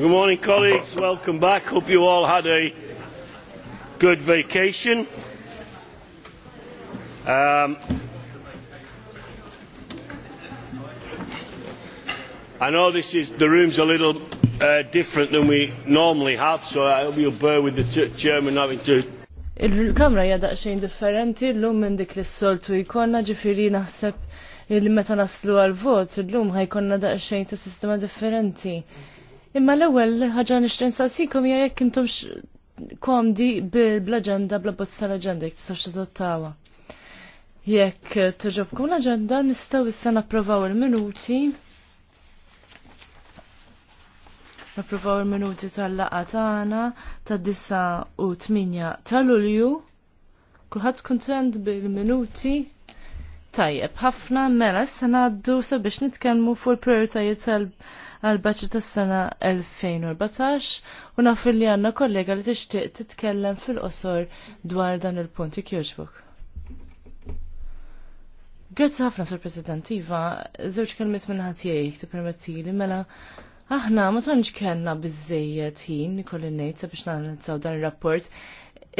Good morning, colleagues. Welcome back. Hope you all had a good vacation. Um, I know this is the room's a little uh, different than we normally have, so I hope you'll bear with the chairman having to. Il-kamra hija daqsxejn differenti l-lum minn dik li s-soltu jkollna ġifiri naħseb li meta naslu għal-vot l-lum ħajkonna daqsxejn ta' sistema differenti. Imma l-ewwel ħaġa nixtieq nsaqsikom hija jekk intom komdi bl-aġenda bla bozza tal aġenda jekk tistgħux tadottawha. Jekk tiġobkom l-aġenda nistgħu issa napprovaw il-minuti. Napprovaw il-minuti tal-laqgħa tagħna tad-disa u tminja ta' Lulju. Kulħadd kuntent bil-minuti. Tajjeb, ħafna mela se ngħaddu sabiex nitkellmu fuq il prioritajiet tal- għal-baċi tas-sena 2014 u naf li għanna kollega li tixtieq titkellem fil-qosor dwar dan il-punt ikjoġbok. Grazzi ħafna, Sur President, Iva, żewġ kelmiet minn ħatijek tippermetti li mela aħna ma tantx kellna biżejjed ħin ikolli ngħid sabiex nagħmlu dan ir-rapport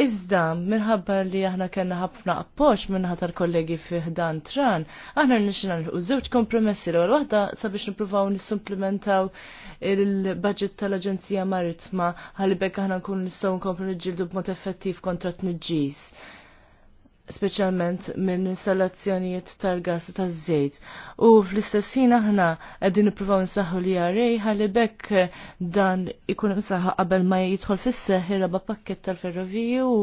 Iżda, minħabba li aħna kena ħafna appoċ minnaħat tal-kollegi fiħdan tran, aħna nixina l żewġ kompromessi l waħda sabiex nipruvaw nisimplementaw il-budget tal-Aġenzija Maritma għalli bekk aħna nkun nistgħu nkomplu niġġieldu b'mod effettiv kontra tniġġis speċjalment minn installazzjonijiet tal-gas taż-żejt. U fl-istess ħin aħna qegħdin nippruvaw nsaħħu li għarej ħalli bekk dan ikun imsaħħa qabel ma jidħol fis-seħħ ba pakket pakkett tal-ferroviji u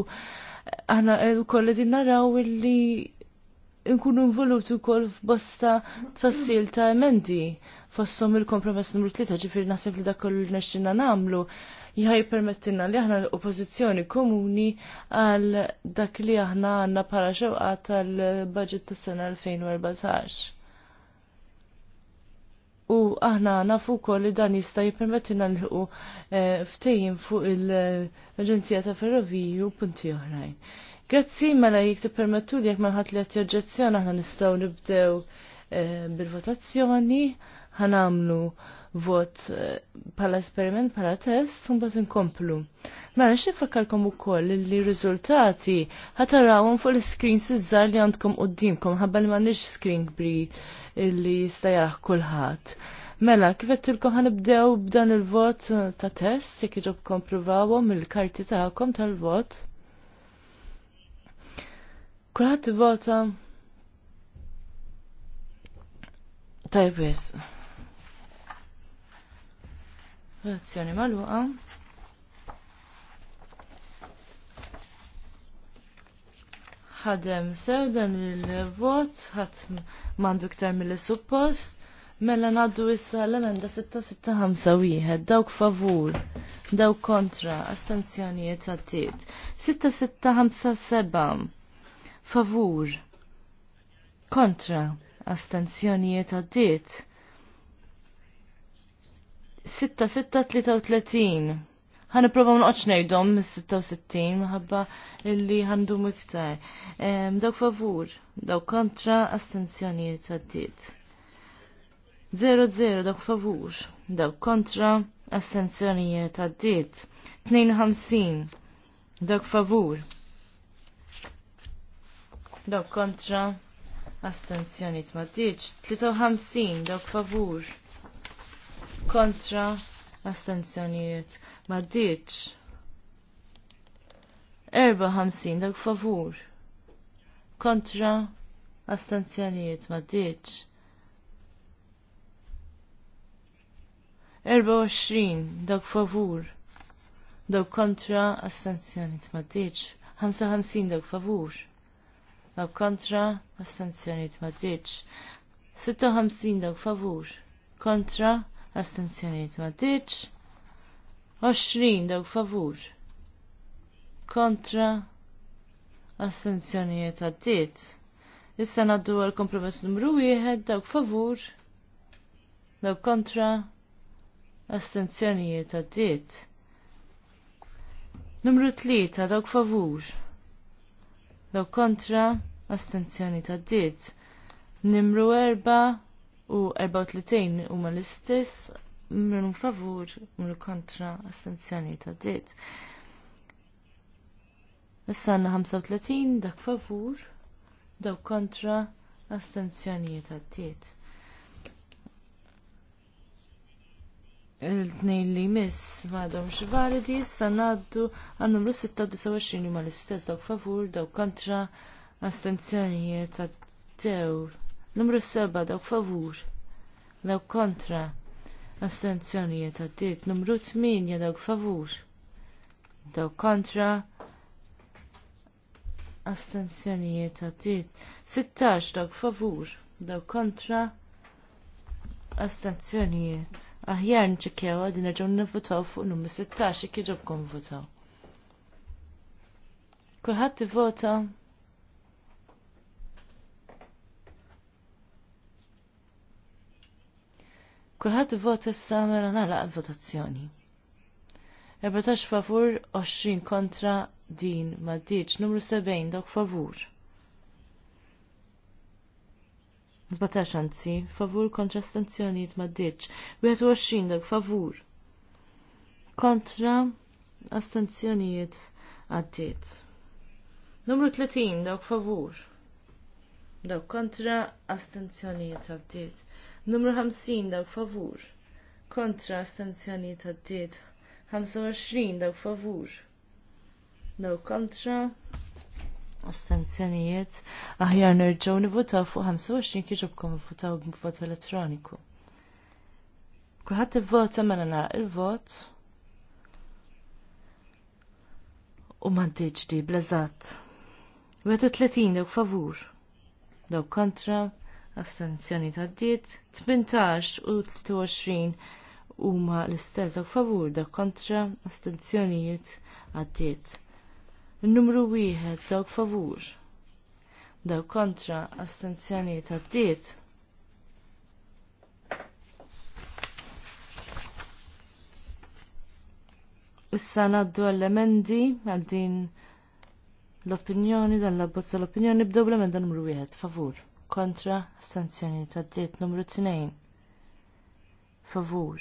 aħna wkoll qegħdin naraw illi nkunu involuti wkoll f'bosta tfassil ta' emendi fossom il-kompromess numru 3 ġifir naħseb li dak kollu nexxinna nagħmlu jħaj permettina li aħna l-oppozizjoni komuni għal dak li aħna għanna para xewqa tal-budget tas sena 2014. U aħna nafu kol li dan jista jipermettina li u eh, ftejjim fuq l aġenzija ta' Ferroviju u punti oħrajn. Grazzi mela jek permettu li jek maħat li għatjoġġazzjoni aħna nistaw nibdew eh, bil-votazzjoni ħanamlu vot eh, pala esperiment, pala test, un bazin komplu. Mela, xifakkalkom u koll li rizultati ħatarawon fuq l-screen sizzar li għandkom u d-dimkom, ħabba li mandiġ screen bri li jistajaraħ kullħat. Mela, kifet tilkom ħanibdew b'dan il-vot eh, ta' test, jek iġobkom provawom il-karti ta'kom tal-vot. Kullħat vota. Tajbis. Tajbis. Reazzjoni maluqa. ħadem sew dan il-vot, ħat mandu iktar mill-suppost, mela naddu issa l-emenda 665, dawk favur, dawk kontra, astenzjonijiet għattiet. 6657, favur, kontra, astenzjonijiet għattiet. 6633. Ħan iprofaw nqoċ nejdom mis-66 ħabba illi ħandu miktar. Dawk favur, dawk kontra astenzjonijiet għaddit. 00 dawk favur, dawk kontra astenzjonijiet għaddit. 52 dawk favur. Dawk kontra astenzjonijiet ma 53 dawk favur kontra astenzjonijiet ma ddiċ. 54 dak favur. Kontra astenzjonijiet ma ddiċ. 24 dak favur. Dak kontra astenzjonijiet ma ddiċ. 55 dak favur. Dak kontra astenzjonijiet ma ddiċ. 56 dak favur. Kontra astenzjoniet ma diċ. 20 dawk favur, kontra, astenzjoniet diċ. Issa naddu għal kompromess numru 1 dawk favur, dawk kontra, astenzjonijiet diċ. Numru 3 dawk favur. Dawk kontra astenzjoni diċ. Numru 4 u 34 huma l-istess minn favur minn kontra astenzjoni ta' ditt. Issa għandna 35 dak favur daw kontra astenzjonijiet ta' ditt. il-tnejn li jmiss madhom xvalidi, sanaddu għannum l-26 ma l-istess dawk favur, dawk kontra astenzjonijiet dew Numru 7 dawk favur, dawk kontra, astenzjonijiet għaddit. Numru 8 dawk favur, dawk kontra, astenzjonijiet għaddit. 16 dawk favur, dawk kontra, astenzjonijiet. Aħjar nċekjaw għadin ġon nivvotaw fuq numru 16 kħiġobkom votaw. Kulħat Kulħadd vota Kulħadd vot issa mela nagħlaq votazzjoni. 14 favur, 20 kontra din maddiċ, numru 70 dok favur. 14 anzi, favur kontra stanzjoniet maddiċ, 21 dak favur. Kontra astanzjoniet għaddiet. Numru 30 dawk favur. Dawk kontra astenzjonijiet għaddiet. Numru 50 dawk favur. Kontra astenzjoniet għaddiet. 25 dawk favur. Dawk kontra Astanzjonijiet Aħjar nerġgħu nivutaw fuq 25 kieġobkom votaw b'vot elettroniku. Kulħadd ivvota mela nara il-vot. U mandiġ di blażat. 31 dawk favur. Dawk kontra astenzjoni diet, 18 u 23 huma l-istess u favur dak kontra astenzjonijiet għaddiet. Numru wieħed dawk favur. Dawk kontra astenzjonijiet għaddiet. Issa naddu għall-emendi għal din l-opinjoni, dan l-abbozza l-opinjoni b'dobla minn dan numru wieħed, favur kontra stanzjoni ta' diet numru 2 favur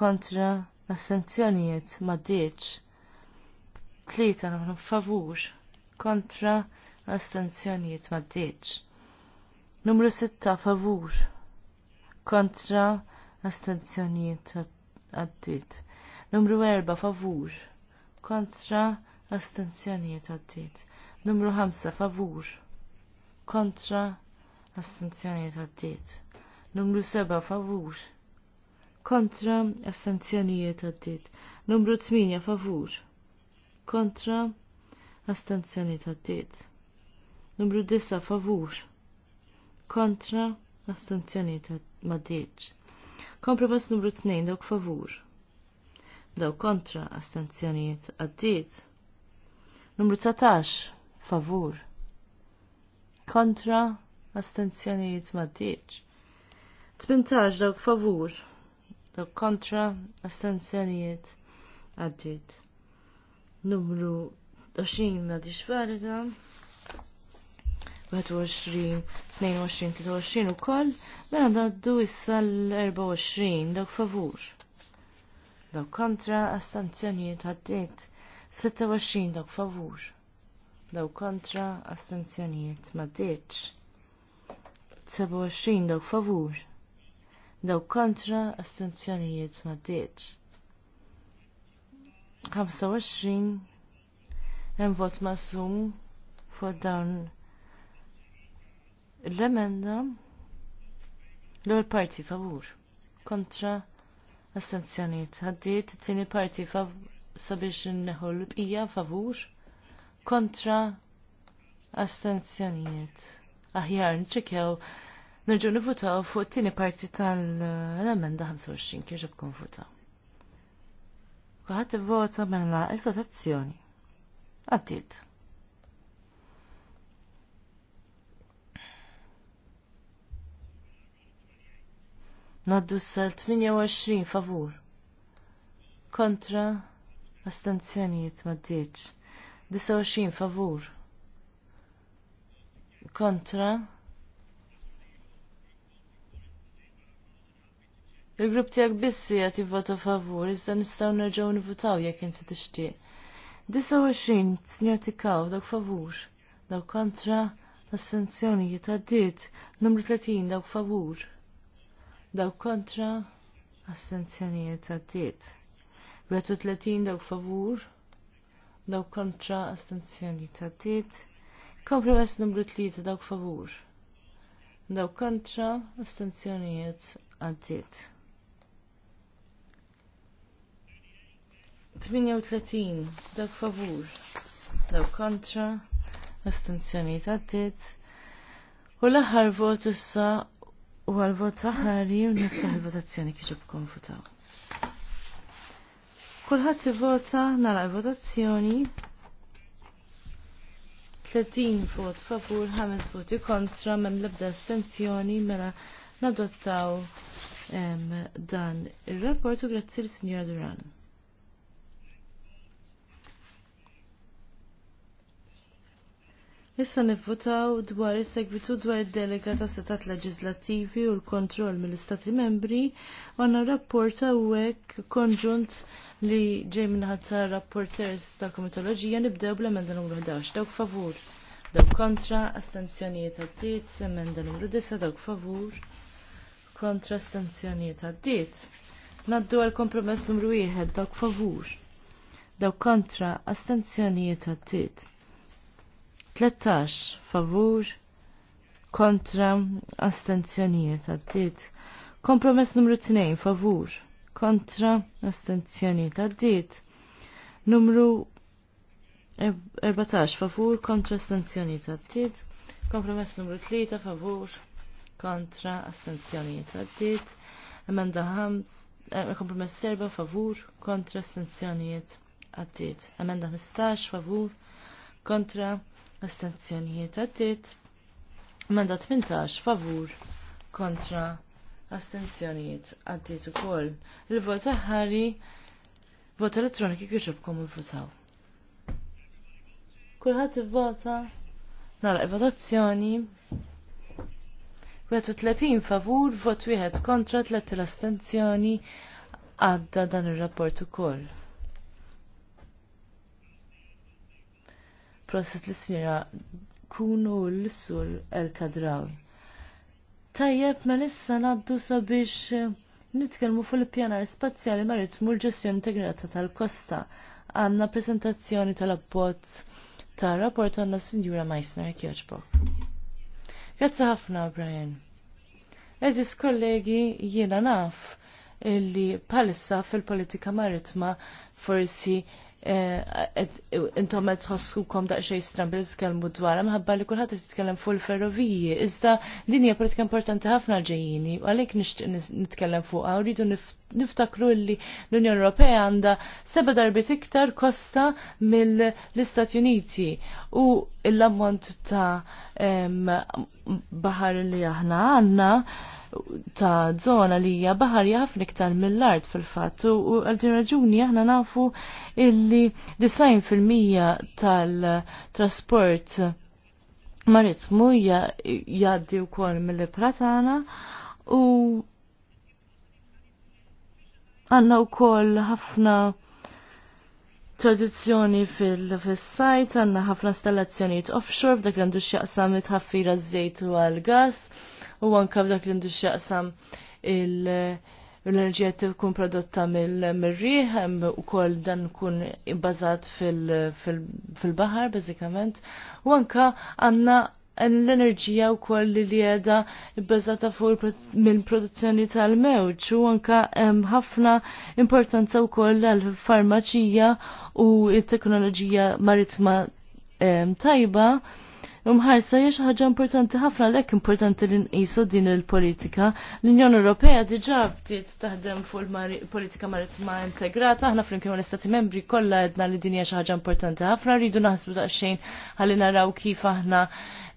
kontra astenzjonijiet ma diċ tlita numru favur kontra astenzjonijiet ma diċ numru 6 favur kontra astenzjonijiet għaddit numru 4 favur kontra astenzjonijiet għaddit numru 5 favur kontra astenzjonijiet diet Numru 7 favur kontra astenzjonijiet diet Numru 8 favur kontra astenzjonijiet diet Numru 9 favur kontra astenzjonijiet maddiċ. Kompromess numru 2 dawk favur daw kontra astenzjonijiet għaddiet. Numru 19, favur kontra astenzjonijiet maddiċ. 18 dawk favur, dawk kontra astenzjonijiet għaddit. Numru 20 maddiċ varida 21, 22, 23 u koll, mela daddu issa l-24 dawk favur. Dawk kontra astenzjonijiet għaddit. 26 dawk favur daw kontra astenzjoniet ma ddiċ. 27 daw favur daw kontra astenzjoniet ma ddiċ. 25 hemm vot masum fuq dawn l-emenda l-ewwel parti favur kontra astenzjonijiet ħaddiet it-tieni parti sabiex neħol l-bqija favur kontra astenzjonijiet. Aħjar nċekjaw nerġu nivutaw fuq tini parti tal-emenda 25 kieġab kun votaw. Kuħat vota mela il-votazzjoni. Għaddit. Naddu s-28 favur. Kontra astenzjonijiet maddieċ. 29 favur. Kontra. Il-grupp tijak bissi għat jivvota favur, iżda nistaw nerġaw nivutaw jek inti tixtieq. 29 t-snjoti kaw, dawk favur, dawk kontra l-assenzjonijiet għaddit, numru 30 dawk favur, dawk kontra assenzjonijiet għaddit. 30 dawk favur, daw kontra astenzjoni taddit. Kompromess numru 3 dawk favur. Daw kontra astenzjonijiet għaddit. 38 dawk favur. Daw kontra astenzjonijiet għaddit. U l-aħħar vot issa u għal-vot aħari u nifta' il-votazzjoni kieġu bkonfutaw. Kulħadd ivota nara votazzjoni. 30 vot favur, 5 voti kontra, mem ebda astenzjoni mela nadottaw dan ir-rapportu grazzi l-Sinjora Duran. Issa nivvotaw dwar is-segwitu dwar id-delega ta' setat leġislattivi u l-kontroll mill-Istati membri għandna u hekk konġunt li ġej minnaħat ta' rapporters tal-komitoloġija nibdew bl-emenda numru 11. Dawk favur, dawk kontra, astenzjonijiet għaddit, emenda numru 10, dawk favur, kontra astenzjonijiet għaddit. Naddu għal kompromess numru 1, dawk favur, dawk kontra, astenzjonijiet għaddit. 13 favur, kontra astenzjonijiet għaddit. Kompromess numru 2 favur kontra astenzjoni d-diet. Numru 14 favur kontra astenzjoni d-diet. Kompromess numru 3 favur kontra astenzjoni d-diet. Emenda 5 eh, kompromess 4 favur kontra astenzjonijiet diet Emenda 15 favur kontra astenzjonijiet diet Emenda 18 favur kontra astenzjonijiet għaddiet ukoll. Il-vot aħħari vot elettroniku kieġobkom ivvutaw. Kulħadd ivvota nagħlaq votazzjoni. 30 favur, vot wieħed kontra, 3 l-astenzjoni għadda dan ir-rapport ukoll. Proset l-sinjora kunu l-sul el-kadrawi. Tajjeb, ma nissa naddu sabiex eh, nitkellmu fil-pjanar spazjali maritmu l-ġestjoni integrata tal-kosta. Għanna prezentazzjoni tal appoz ta' rapport għanna Sinjura Meissner Kjoġbok. Grazzi ħafna, Brian. Eżis kollegi, jiena naf illi palissa fil-politika maritma forsi Eh, intom qed xej Stram bil tkellmu dwar mħabba li kulħadd t-tkellem fuq il-ferroviji. Iżda din hija politika importanti ħafna ġejjini u għalhekk nixtieq nitkellem fuq u rridu niftakru li l-Unjoni Ewropea għandha seba' darbit iktar kosta mill-Istati Uniti u l-ammont ta' baħar li aħna għandna ta' zona li hija baħarja ħafna iktar mill-art fil-fatt u għal din raġuni aħna nafu illi 90% tal-trasport maritmu jgħaddi wkoll mill-Pratana u għanna wkoll ħafna tradizzjoni fil-sajt, għanna ħafna installazzjoniet offshore, f'dak għandu xjaqsam it-ħaffira z-zejt u għal-gas u anka f'dak li ndux jaqsam l-enerġija tkun prodotta mill-rieħ u kol dan kun bazat fil-bahar bazikament u anka għanna l-enerġija u kol li li għeda bazata fuq mill-produzzjoni tal-mewġ u anka ħafna importanza u kol l farmaċija u il-teknoloġija maritma tajba Mħarsa hija xi ħaġa importanti ħafna lek importanti li nqisu din il-politika. L-Unjoni Ewropea diġà bdiet taħdem fuq il-politika maritima integrata, aħna flimkien l-Istati Membri kollha għedna li din hija xi ħaġa importanti ħafna, rridu naħsbu daqsxejn ħalli naraw kif aħna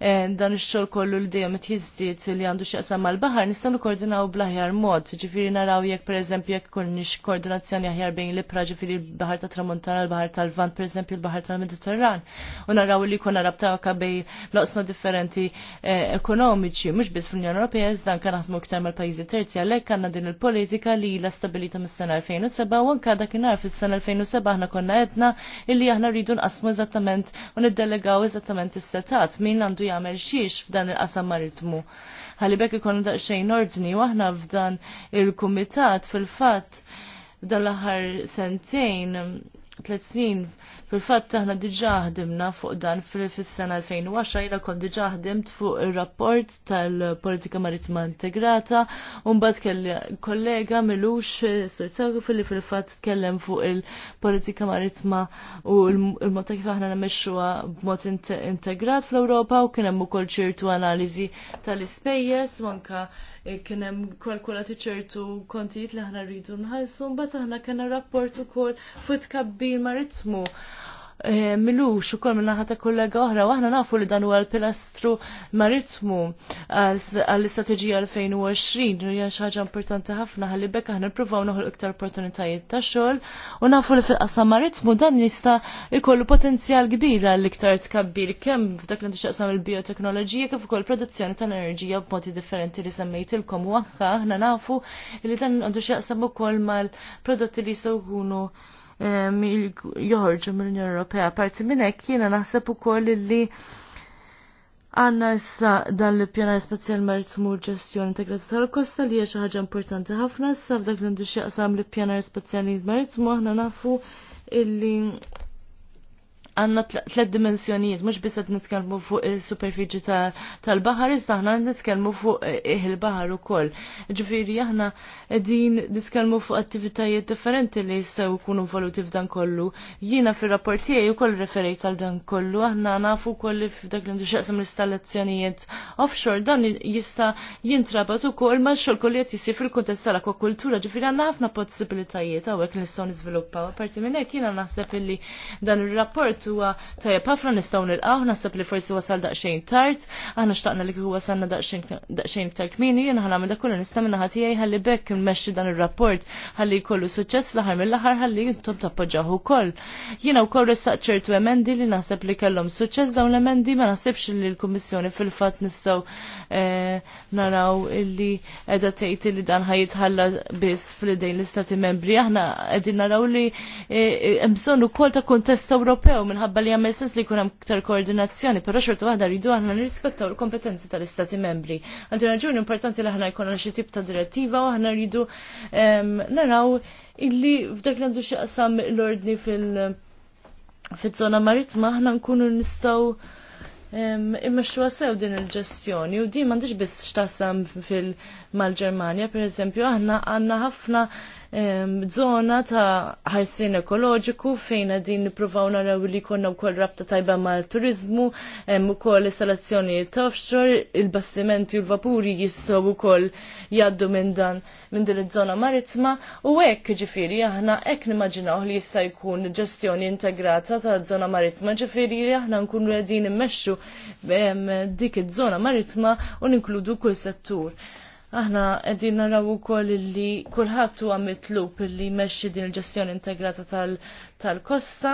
eh, dan ix-xogħol kollu l dejjem jizdiet li għandu x'jaqsam mal-baħar nistgħu koordinaw bl-aħjar mod. Ġifieri naraw jekk pereżempju jekk nix koordinazzjoni aħjar bejn l-ibra ġifieri l-baħar ta' Tramuntana, l-baħar tal-Vant, pereżempju l-baħar tal-Mediterran. U naraw li jkun rabta bejn loqsma differenti eh, ekonomiċi, mhux biss fl-Unjoni Ewropea iżda anke naħdmu iktar mal-pajjiżi terzi għalhekk għandna din il-politika li la stabilita mis-sena 2007 u anke dakinhar fis-sena 2007 aħna konna għedna illi aħna rridu nqasmu eżattament u niddelegaw eżattament is-setat min għandu jagħmel xiex f'dan il-qasam maritmu. Ħalli ikon ikun daqsxejn ordni u aħna f'dan il-kumitat fil-fatt dan l-aħħar sentejn tliet snin Fil-fatt aħna diġà ħdimna fuq dan fis-sena 2010 jina kont diġà ħdimt fuq ir-rapport tal-Politika Maritma Integrata u mbagħad kelli kollega Milux Surzagu fil fil-fatt tkellem fuq il-Politika Maritma u l-mod kif aħna nemmexxuha b'mod integrat fl-Ewropa u kien hemm ukoll ċertu analiżi tal-ispejjeż u anke eh, kien hemm kalkulati ċertu kontijiet li aħna rridu nħallsu mbagħad aħna kellna rapport ukoll fuq tkabbir maritmu. Eh, milux u kol minnaħat ta' kollega oħra, waħna nafu li dan huwa l-pilastru maritmu għal-strategija 2020, li hija ħaġa importanti ħafna ħalli bekk aħna nippruvaw noħol iktar opportunitajiet ta' xogħol u nafu li fil qasa maritmu dan jista' jkollu potenzjal kbira għall-iktar tkabbir kemm f'dak li xaqsam il-bioteknoloġija kif ukoll produzzjoni ta' enerġija b'modi differenti li semmejtilkom u anke aħna nafu li dan għandu xaqsam ukoll mal-prodotti li jistgħu jkunu joħorġu mill-Unjoni Ewropea. Parti minn hekk jiena naħseb ukoll li għanna issa dan l-pjanar spazjal maritmu ġestjoni integrata tal-kosta li hija xi ħaġa importanti ħafna issa f'dak li ndux jaqsam l pjanar spazjali maritmu aħna nafu illi għanna tlet dimensjonijiet, mux bisat nitkelmu fuq superfiċi tal-bahar, iżda ħna nitkelmu fuq eh, il-bahar u koll. Ġifiri, aħna din nitkelmu fuq attivitajiet differenti li jistaw kunu involuti f'dan kollu. Jina fil-rapportijaj u koll referejt għal dan kollu, aħna nafu koll f'dak l-indu xaqsam l-installazzjonijiet offshore, dan jista jintrabat u koll ma xol koll jisir fil-kontest tal-akwakultura, ġifiri għanna ħafna possibilitajiet għawek nistaw nizviluppaw. Parti minnek jina naħseb illi dan il-rapport huwa tajjeb ħafna nistgħu nilqgħu naħseb li forsi wasal daqsxejn tard, aħna xtaqna li huwa wasalna daqsxejn iktar kmini, jien ħana nagħmel dak kollu nista' minn ħatijaj ħalli bekk immexxi dan ir-rapport ħalli jkollu suċċess fl-aħħar mill-aħħar ħalli intom tappoġġaw ukoll. Jiena wkoll ressaq ċertu emendi li naħseb li kellhom suċċess dawn l-emendi ma naħsibx li l-Kummissjoni fil-fatt nistgħu eh, naraw illi edha tgħid li dan ħalla biss fl-idejn l-Istati Membri aħna qegħdin naraw li eh, eh, hemm bżonn ukoll ta' kuntest Ewropew minħabba li għamil sens li jkun hemm iktar koordinazzjoni, però xorta waħda rridu aħna nirrispettaw il-kompetenzi tal-Istati membri. Għandu raġuni importanti li aħna jkollna xi tip ta' direttiva u aħna rridu naraw illi f'dak li għandu xi qasam l-ordni fil- zona maritma aħna nkunu nistgħu Imma sew din il-ġestjoni u di mandiġ biss x'taqsam fil-mal-ġermania, per eżempju, aħna għanna ħafna zona ta' ħarsin ekoloġiku fejn din nippruvaw naraw li konna wkoll rabta tajba mal-turizmu, hemm ukoll l ta' offshore, il-bastimenti u l-vapuri jistgħu wkoll jgħaddu minn dan minn din iż-żona maritma u hekk ġifieri aħna hekk nimmaġinaw li jista' jkun ġestjoni integrata ta' żona maritma ġifieri li aħna nkunu qegħdin immexxu dik iż-żona maritma u ninkludu kull settur. Aħna qegħdin naraw ukoll li kulħadd huwa lup li jmexxi din il-ġestjoni integrata tal-kosta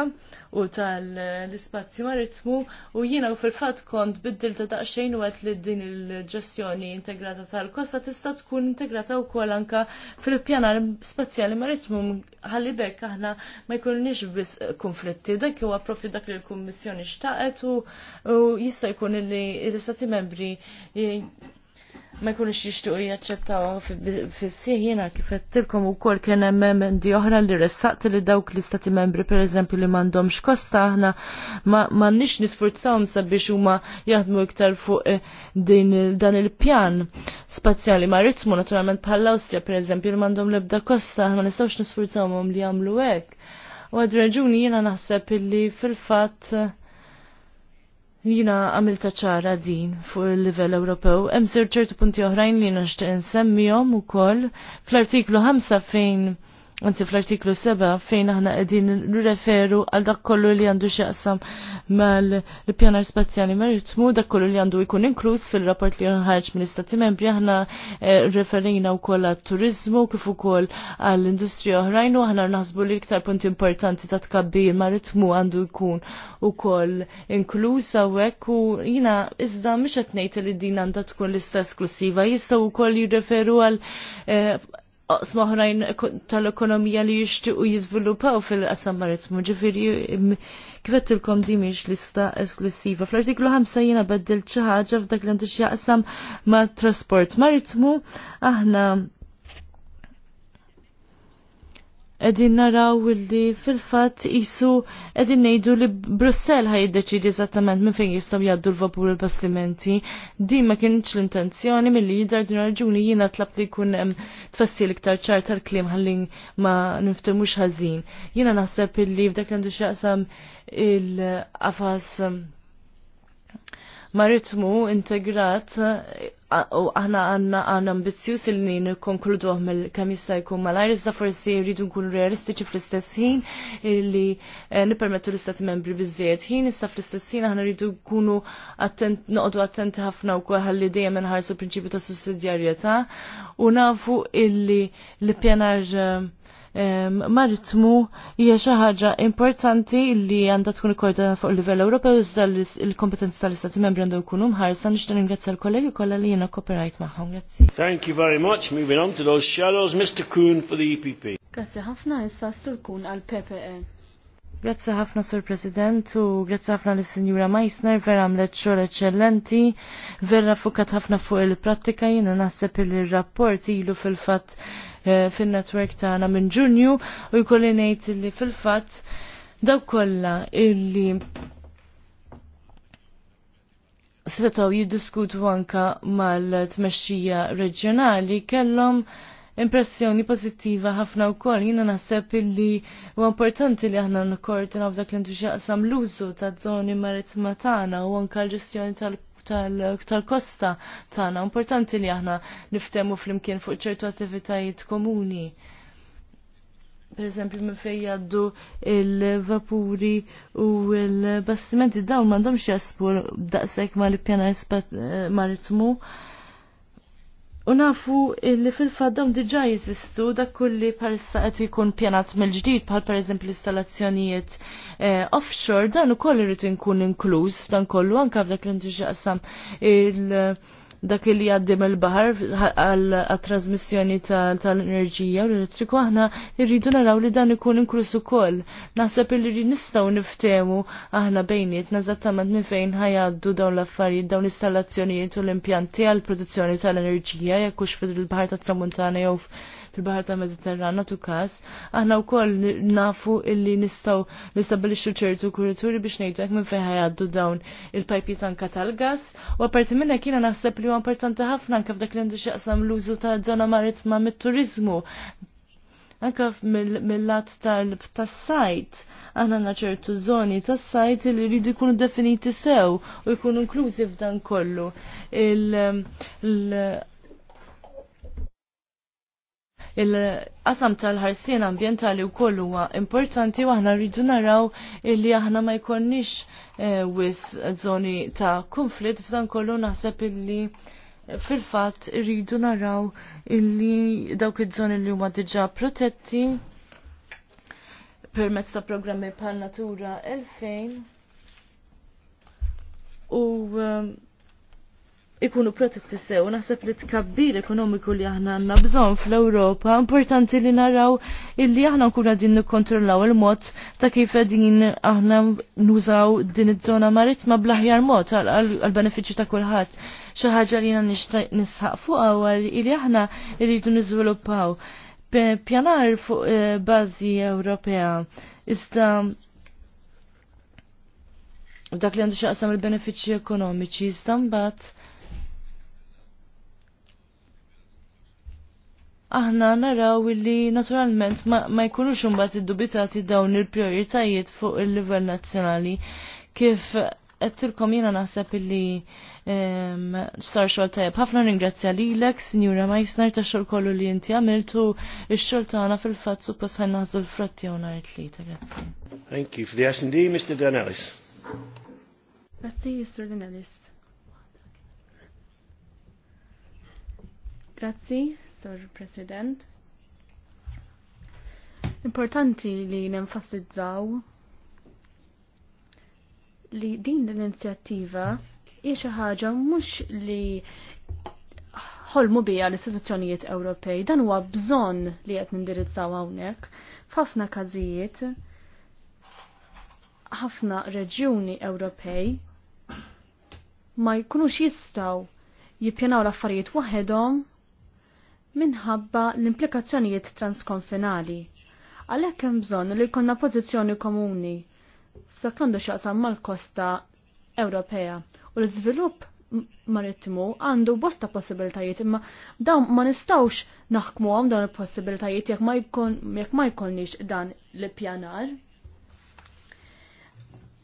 u tal-ispazju maritmu u u fil-fatt kont biddil ta' daqsxejn u li din il-ġestjoni integrata tal-kosta tista' tkun integrata wkoll anka fil-pjanar spazjali maritmu ħalli bekk aħna ma jkunniex biss konflitti. Dak huwa profi dak li l-Kummissjoni xtaqet u jista' jkun li l-Istati membri ma jkunux jixtuq jaċċettaw fis-sieħ jiena kif tilkom ukoll kien hemm emendi oħra li ressaqt li dawk l-istati membri pereżempju li m'għandhomx kosta aħna m'għandniex nisfurzawhom sabiex huma jaħdmu iktar fuq eh, din dan il-pjan spazjali ma' ritmu naturalment bħal awstrija pereżempju li m'għandhom l-ebda kosta aħna ma nistgħux nisfurzawhom li jagħmlu hekk. U għad raġuni jiena naħseb illi fil-fatt Jina għamilta ċara din fuq il-livell Ewropew. Hemm ċertu punti oħrajn li nixtieq insemmihom ukoll fl-artiklu 5 fejn Anzi fl-artiklu 7 fejn aħna qegħdin referu għal dak kollu li għandu x'jaqsam mal-pjanar spazjali maritmu, dak kollu li għandu jkun inkluż fil-rapport li għanħarġ mill-Istati Membri aħna eh, referina wkoll għat-turizmu kif ukoll għall-industrija oħrajn u aħna naħsbu li iktar punt importanti ta' tkabbir maritmu għandu jkun ukoll inkluz għawek u jiena iżda mhux qed ngħid li din għandha tkun lista esklusiva jistgħu wkoll jirreferu għal eh, smaħrajn tal-ekonomija li jishtiqu jizvilupaw fil-qasam maritmu. Ġifiri, kvettilkom di miex lista esklusiva. Fl-artiklu 5 jena beddil ċaħġa f'dak li għandu xjaqsam ma' trasport maritmu. Aħna edin naraw li fil-fat jisu edin nejdu li Brussel id-deċidi eżattament minn fejn jistaw jaddu l-vapur il-bastimenti. Din ma kienx l-intenzjoni mill-li jidher din raġuni jiena tlab li jkun hemm tfassil iktar ċar tal-klim ħalli ma niftemux ħażin. Jiena naħseb il-li f'dak għandu x'jaqsam il-qafas Maritmu integrat u aħna għanna għanna ambizjus il-ni nikonkludu għamil kam jista' jkun malajr, iżda forsi rridu nkunu realistiċi fl-istess ħin li eh, nipermettu l-istati membri biżżejjed ħin, issa fl-istess ħin aħna rridu nkunu noqdu attenti ħafna u ħalli dejjem nħarsu prinċipju ta' sussidjarjetà u nafu illi l-pjanar eh, maritmu hija xi ħaġa importanti li għandha tkun ikkoordinata fuq livell Ewropew iżda l-kompetenzi tal-Istati membri għandu jkunu mħarsa nixtieq ringrazzja l-kollegi kollha li jiena copyright magħhom. Grazzi. Thank you very much. Moving on to those shadows, Mr. Kuhn for the EPP. Grazzi ħafna issa Sur Kuhn għal PPE. Grazzi ħafna Sur President u grazzi ħafna lis sinjura Meissner vera għamlet xogħol eċċellenti, vera fukat ħafna fuq il-prattika jiena naħseb il-rapport ilu fil-fatt Eh, fin-netwerk tagħna minn Ġunju u jkolli ngħid li fil-fatt dawk kollha illi setaw jiddiskutu anka mal-tmexxija reġjonali kellhom impressjoni pozittiva ħafna u koll, jina naħseb illi u importanti li aħna nkoordinaw dak l-entuġaqsam l-użu ta' zoni maritma tagħna u anka l-ġestjoni tal tal-kosta tagħna. Importanti li aħna niftemu flimkien fuq ċertu attivitajiet komuni. Per eżempju, minn fej jaddu il-vapuri u il-bastimenti dawn m'għandhomx jaspur daqshekk mal-ippjanar eh, maritmu. Ma U nafu li fil faddam dawn diġa jesistu dak kulli parissa qed ikun pjanat mill-ġdid bħal pereżempju l-installazzjonijiet eh, offshore dan ukoll irid inkun inkluż f'dan kollu anke f'dak li ntixjaqsam il- dak li għaddim il-bahar għal-trasmissjoni tal-enerġija u l-elettriku aħna irridu naraw li dan ikun inklus ukoll. Naħseb li nistgħu niftemu aħna bejnietna eżattament minn fejn ħajaddu dawn l-affarijiet dawn l-installazzjonijiet u l-impjanti għal-produzzjoni tal-enerġija jekk hux fil-bahar tat-Tramuntana jew fil-Bahar tal-Mediterran natu kas, aħna wkoll nafu illi nistgħu nistabilixxu ċertu kurituri biex nejtu għek minn fejn jaddu dawn il pajpi anke tal-gas, u apparti minn hekk jiena naħseb li huwa importanti ħafna anke dak li għandu x'jaqsam l-użu ta' żona maritma mit-turizmu anka mill-lat tal-sajt, aħna naċertu zoni tas-sajt li rridu jkunu definiti sew u jkunu inklużi f'dan kollu il-qasam tal-ħarsien ambientali u kollu huwa importanti u aħna rridu naraw illi aħna ma jkollniex eh, wis zoni ta' konflitt f'dan kollu naħseb illi eh, fil-fatt rridu naraw illi dawk iż-żoni li huma diġà protetti permezz ta' programmi bħal Natura 2000 u eh, ikunu protetti sew. Naħseb li tkabbir ekonomiku li aħna għandna bżonn fl-Ewropa, importanti li naraw illi aħna nkunu qegħdin nikkontrollaw il-mod ta' kif qegħdin aħna nużaw din iż-żona maritma bl-aħjar mod għall-benefiċċju ta' kulħadd. Xi ħaġa li jiena nisħaq fuq għal illi aħna rridu niżviluppaw pjanar fuq eh, bażi Ewropea. Iżda dak li għandu xaqsam il-benefiċċji ekonomiċi, iżda mbagħad aħna naraw li naturalment ma, jkunux imbagħad iddubitati dawn il-prijoritajiet fuq il-livell nazzjonali kif qed tilkom jiena naħseb illi sar xogħol tajjeb. ħafna ringrazzja lilek, Sinjura Meissner, signora Majsner, ta' xogħol kollu li inti għamiltu, x xogħol tagħna fil fatt suppost ħajn naħdu l-frotti jew nhar it-tlieta, grazzi. Thank you. For the S&D, Mr. Danelis. Grazzi, Mr. Danelis. Grazzi. Sur President. Importanti li nenfasizzaw li din l-inizjattiva hija xi ħaġa mhux li ħolmu bija l-istituzzjonijiet Ewropej, dan huwa bżonn li qed nindirizzaw hawnhekk. F'ħafna każijiet ħafna reġjuni Ewropej ma jkunux jistgħu jippjanaw l-affarijiet waħedhom minħabba l-implikazzjonijiet transkonfinali. Għalhekk hemm bżonn li jkollna pożizzjoni komuni f'dak għandu mal-kosta Ewropea u l-iżvilupp marittimu għandu bosta possibiltajiet imma dawn ma nistawx naħkmu għam dawn il-possibiltajiet jekk ma jkollniex dan l-pjanar.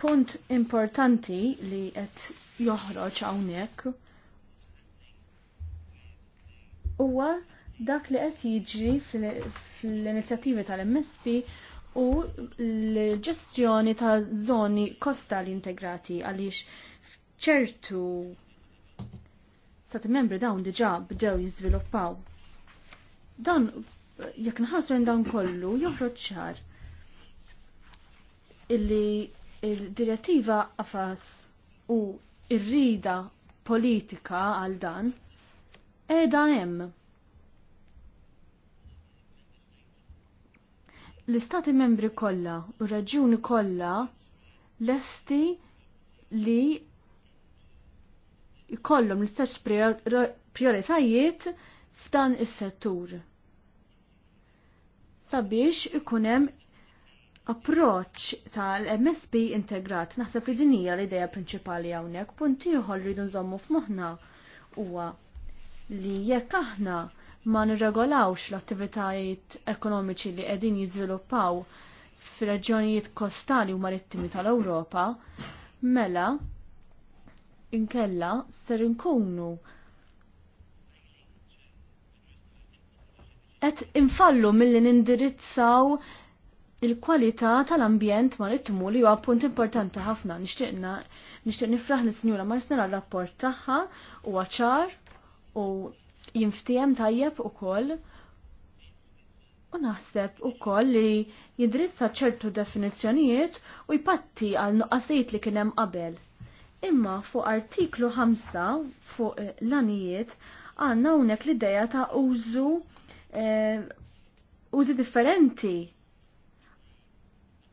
Punt importanti li qed joħroġ hawnhekk huwa dak li qed jiġri fl-inizjattivi tal-MSP u l-ġestjoni ta' zoni kostali integrati għaliex ċertu stati membri dawn diġà bdew jiżviluppaw. Dan jekk jen dan kollu joħroġ ċar illi il-direttiva għafas u ir-rida politika għal dan dan hemm l-istati membri kollha u raġuni kollha lesti li jkollhom l-istess prioritajiet f'dan is-settur. Sabiex ikun hemm approċċ tal-MSP integrat naħseb li din hija l-idea prinċipali hawnhekk punti uħol rridu nżommu f'moħħna huwa li jekk aħna ma nirregolawx l-attivitajiet ekonomiċi li qegħdin jiżviluppaw fir-reġjonijiet kostali u marittimi tal-Ewropa, mela inkella ser inkunu qed infallu milli nindirizzaw il-kwalità tal-ambjent marittimu li huwa punt importanti ħafna nixtieqna nixtieq nifraħ lis-Sinjura Majsner l rapport tagħha huwa ċar u jinftijem tajjeb u koll u naħseb u koll li jidrizza ċertu definizjonijiet u jpatti għal nuqqasijiet li kienem qabel. Imma fuq artiklu 5 fuq eh, l-anijiet għanna unek l-ideja ta' użu eh, użi differenti.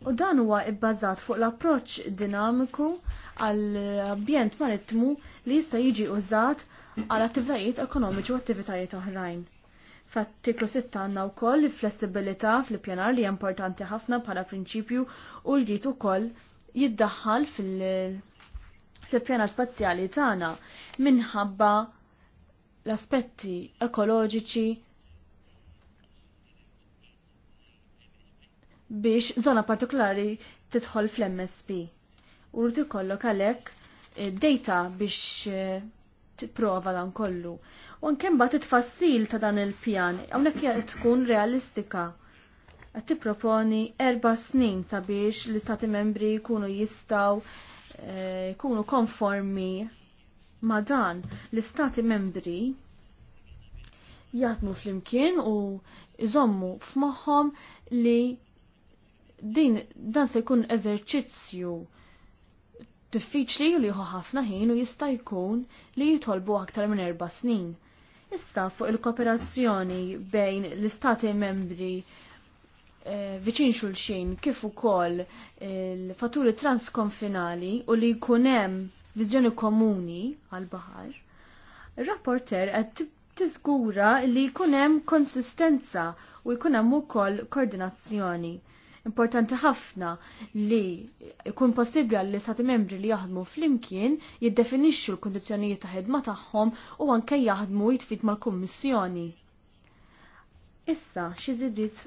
U dan huwa ibbażat fuq l-approċċ dinamiku għall-ambjent marittimu li jista' jiġi użat għal attivitajiet ekonomiċi u attivitajiet oħrajn. Fattiklu 6 għandna wkoll il-flessibilità fl pjanar li importanti ħafna bħala prinċipju u l-ġiet ukoll jiddaħħal fil pjanar spazjali tagħna minħabba l-aspetti ekoloġiċi biex zona partikolari tidħol fl-MSP. Urti kollok għalek eh, data biex eh, tipprova dan kollu. U anke mbagħad it-tfassil ta' dan il-pjan hawnhekk hija tkun realistika. Qed tipproponi erba' snin sabiex l-istati membri jkunu jistgħu eh, jkunu konformi ma' dan l-istati membri jaħdmu fl-imkien u jżommu f'moħħom li din dan se jkun eżerċizzju diffiċli u liħu ħafna ħin u jista' jkun li jitolbu aktar minn erba' snin. Issa fuq il-kooperazzjoni bejn l-istati membri eh, viċin xulxin kif ukoll il-fatturi transkonfinali u li jkun hemm viżjoni komuni għal-baħar, ir-rapporter qed tiżgura li jkun hemm konsistenza u jkun hemm ukoll koordinazzjoni Importanti ħafna li jkun possibbli għalli sati membri li jaħdmu flimkien jiddefinixxu l-kundizzjonijiet ta' ħidma tagħhom u anke jaħdmu jitfit mal-Kummissjoni. Issa xi żidiet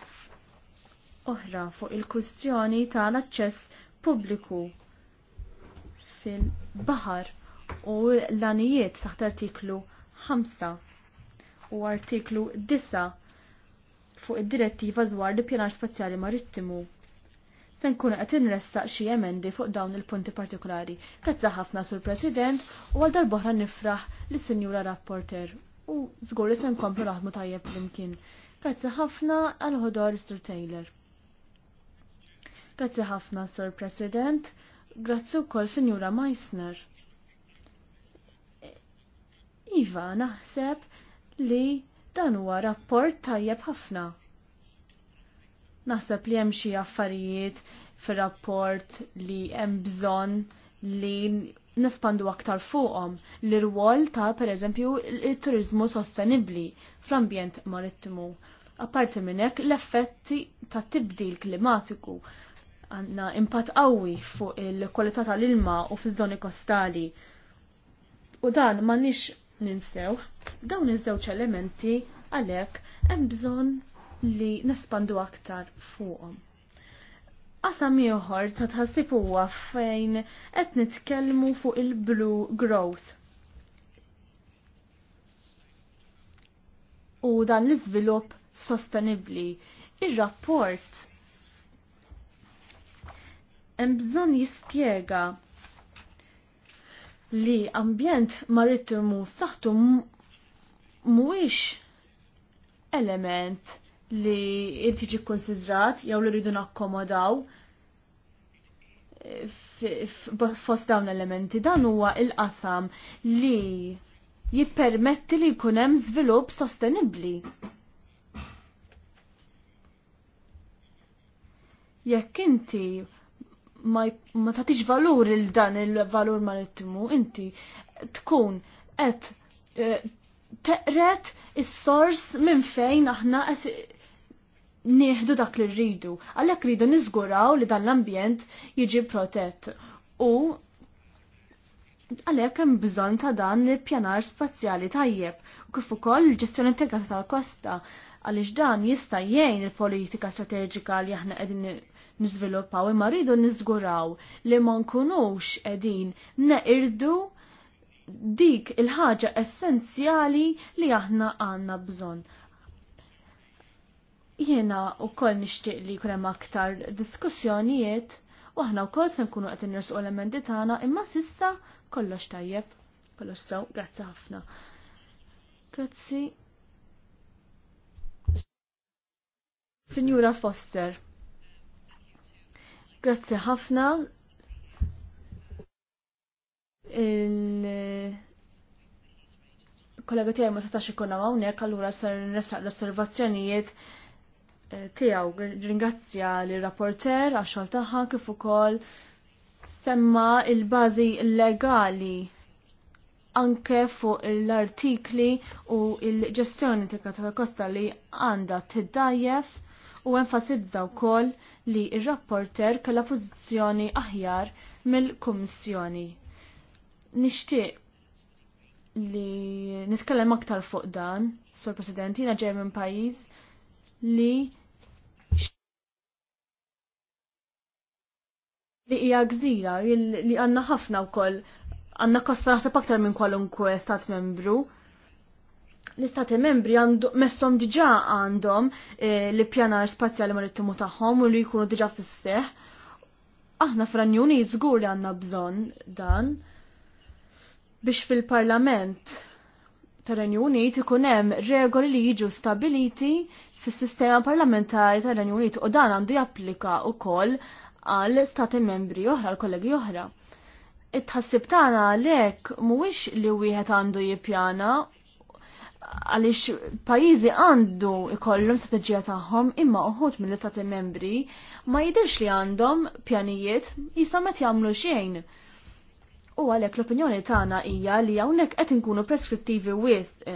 oħra fuq il-kwistjoni tal-aċċess pubbliku fil-baħar u l-anijiet taħt artiklu 5 u artiklu 9 fuq id-direttiva dwar l-pjanar spazjali marittimu. Se nkunu qed inressaq xi emendi fuq dawn il-punti partikolari. Grazzi ħafna sur President u għal darbohra nifraħ li sinjura Rapporter u żgur li se nkomplu naħdmu tajjeb flimkien. Grazzi ħafna għal ħodor Sir Taylor. Grazzi ħafna Sur President, grazzi wkoll Sinjura Meissner. Iva, naħseb li Dan huwa rapport tajjeb ħafna. Naħseb li hemm xi affarijiet fir-rapport li hemm bżonn li nespandu aktar fuqhom l-irwol ta' pereżempju il-turizmu sostenibbli fl-ambjent marittimu. Apparti minn hekk l-effetti ta' tibdil klimatiku għandna impatt qawwi fuq il-kwalità tal-ilma u fiż-żoni kostali. U dan ma nix ninsew. Dawn iż-żewġ elementi għalhekk hemm bżonn li nespandu aktar fuqhom. Qasam ieħor ta' tħassib huwa fejn qed nitkellmu fuq il-blue growth. U dan l-iżvilupp sostenibbli. Ir-rapport hemm bżonn jispjega li ambjent marittimu saħtu mhuwiex element li tiġi konsidrat jew li rridu nakkomodaw eh, fost dawn elementi dan huwa il-qasam li jippermetti li jkun hemm żvilupp sostenibbli. Jekk inti ma tatix valur il dan il-valur marittimu, inti tkun qed eh, teqret is-sors minn fejn aħna nieħdu dak li rridu. Għalhekk rridu niżguraw li dan l-ambjent jiġi protett. U għalhekk hemm bżonn ta' dan l pjanar spazjali tajjeb u kif ukoll il-ġestjoni integrata tal-kosta għaliex dan jista' jgħin il-politika strateġika li aħna qegħdin nizviluppaw imma rridu niżguraw li ma nkunux qegħdin neqirdu dik il-ħaġa essenzjali li aħna għandna bżonn. Jiena u koll nishtiq li hemm aktar diskussjonijiet u aħna u koll sen kunu għetin nirsu elementi tagħna imma sissa kollox tajjeb, kollox sew, grazzi ħafna. Grazzi. Signora Foster. Grazzi ħafna. Il-kollega tiegħi ma setax ikun hawnhekk, allura ser nresaq l-osservazzjonijiet eh, tiegħu. Ringrazzja lir-rapporter għax-xogħol tagħha kif ukoll semma il-bażi legali anke fuq l-artikli u l ġestjoni tal-Kosta li għandha tiddajjef u enfasizza wkoll li il rapporter kellha pożizzjoni aħjar mill-Kummissjoni. Nixtieq li nitkellem aktar fuq dan, Sur President, jiena ġej minn pajjiż li li hija gżira li għandna ħafna wkoll għandna kosta naħseb aktar minn kwalunkwe stat membru l-istati membri messom diġa għandhom eh, li pjanar spazjali marittimu tagħhom u li jkunu diġa fis Aħna Aħna f'Ranjuni żgur li għandna bżonn dan biex fil-Parlament tar-Renju Unit ikun hemm regoli li jiġu stabiliti fis-sistema parlamentari tar-Renju u dan għandu japplika wkoll għal stati membri oħra, għal kollegi oħra. It-tħassib tagħna għalhekk mhuwiex li wieħed għandu jippjana għaliex pajjiżi għandu ikollhom strateġija tagħhom imma uħut mill-istati membri ma jidirx li għandhom pjanijiet jista' ma jagħmlu xejn. U għalhekk l-opinjoni tagħna hija li hawnhekk qed inkunu preskrittivi wisq.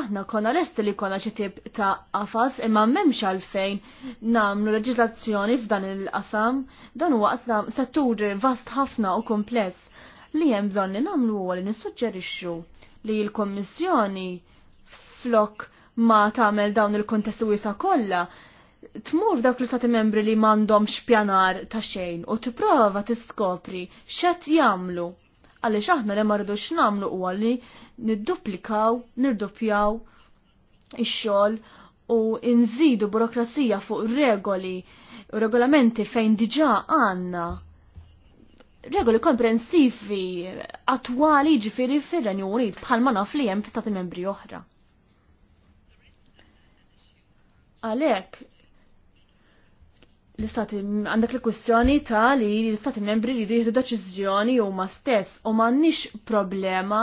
Aħna konna lesti li konna xi ta' għafas imma m'hemmx għalfejn nagħmlu leġizlazzjoni f'dan il-qasam, dan huwa settur vast ħafna u kompless li hemm bżonn li nagħmlu huwa li nissuġġerixxu li l-Kommissjoni flok ma tagħmel dawn il-kontesti wiesa kollha tmur dawk l-istati membri li m'għandhomx pjanar ta' xejn u tipprova tiskopri x'qed jagħmlu għaliex aħna li ma rridux nagħmlu huwa li nidduplikaw, nirdupjaw ix-xogħol u nżidu burokrazija fuq regoli u regolamenti fejn diġà għandna regoli komprensivi attwali ġifiri fir-Renju Unit bħalma naf li hemm fl membri oħra. Għalhekk l-istati għandek l-kwestjoni ta' li l-istati membri li deċizjoni deċiżjoni ma stess u m'għandniex problema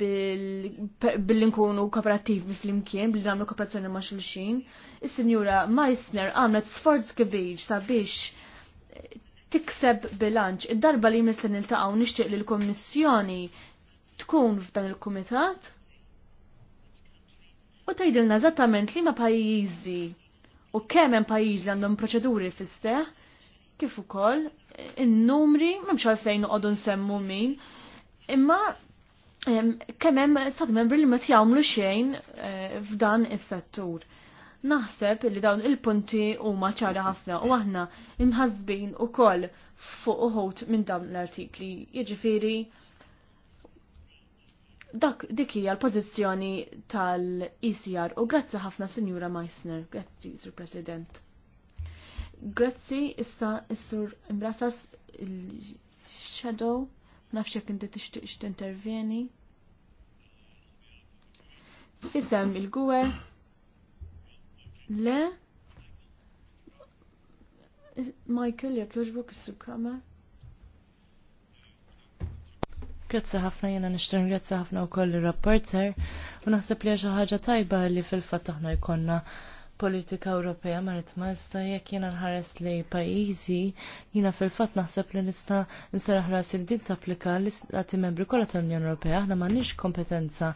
billi nkunu kooperattivi fl-imkien, bil nagħmlu kooperazzjoni ma' xulxin. Is-Sinjura Meissner għamlet sforz kbir sabiex tikseb bilanċ. Id-darba li jmisser niltaqgħu nixtieq li l-Kommissjoni tkun f'dan il-Kumitat u tgħidilna eżattament li ma pajjiżi u kemm hemm pajjiż li għandhom proċeduri fisseħ kif ukoll in-numri m'hemmx għalfejn noqogħdu nsemmu min. Imma kemm hemm stat membri li ma jagħmlu xejn eh, f'dan is-settur. Naħseb li dawn il-punti huma ċara ħafna u aħna imħazbin u koll fuq uħut minn dawn l-artikli. Jiġifieri dak dik l-pożizzjoni tal-ECR u grazzi ħafna Sinjura Meissner, grazzi Sir President. Grazzi issa Sur Imbrasas il-Shadow, nafx jekk inti tixtieq tintervjeni. Fisem il gwe Le? Michael, jek l-ġbuk s-sukama? Grazzi ħafna jena nishtin grazzi ħafna u koll rapporter u naħseb li ħaġa tajba li fil-fat aħna jkonna politika Ewropea maritma jista jekk jiena nħares li pajjiżi jiena fil-fatt naħseb li nista' nsaraħ rasi li din tapplika l-istati membri kollha tal-Unjoni Ewropea aħna m'għandniex kompetenza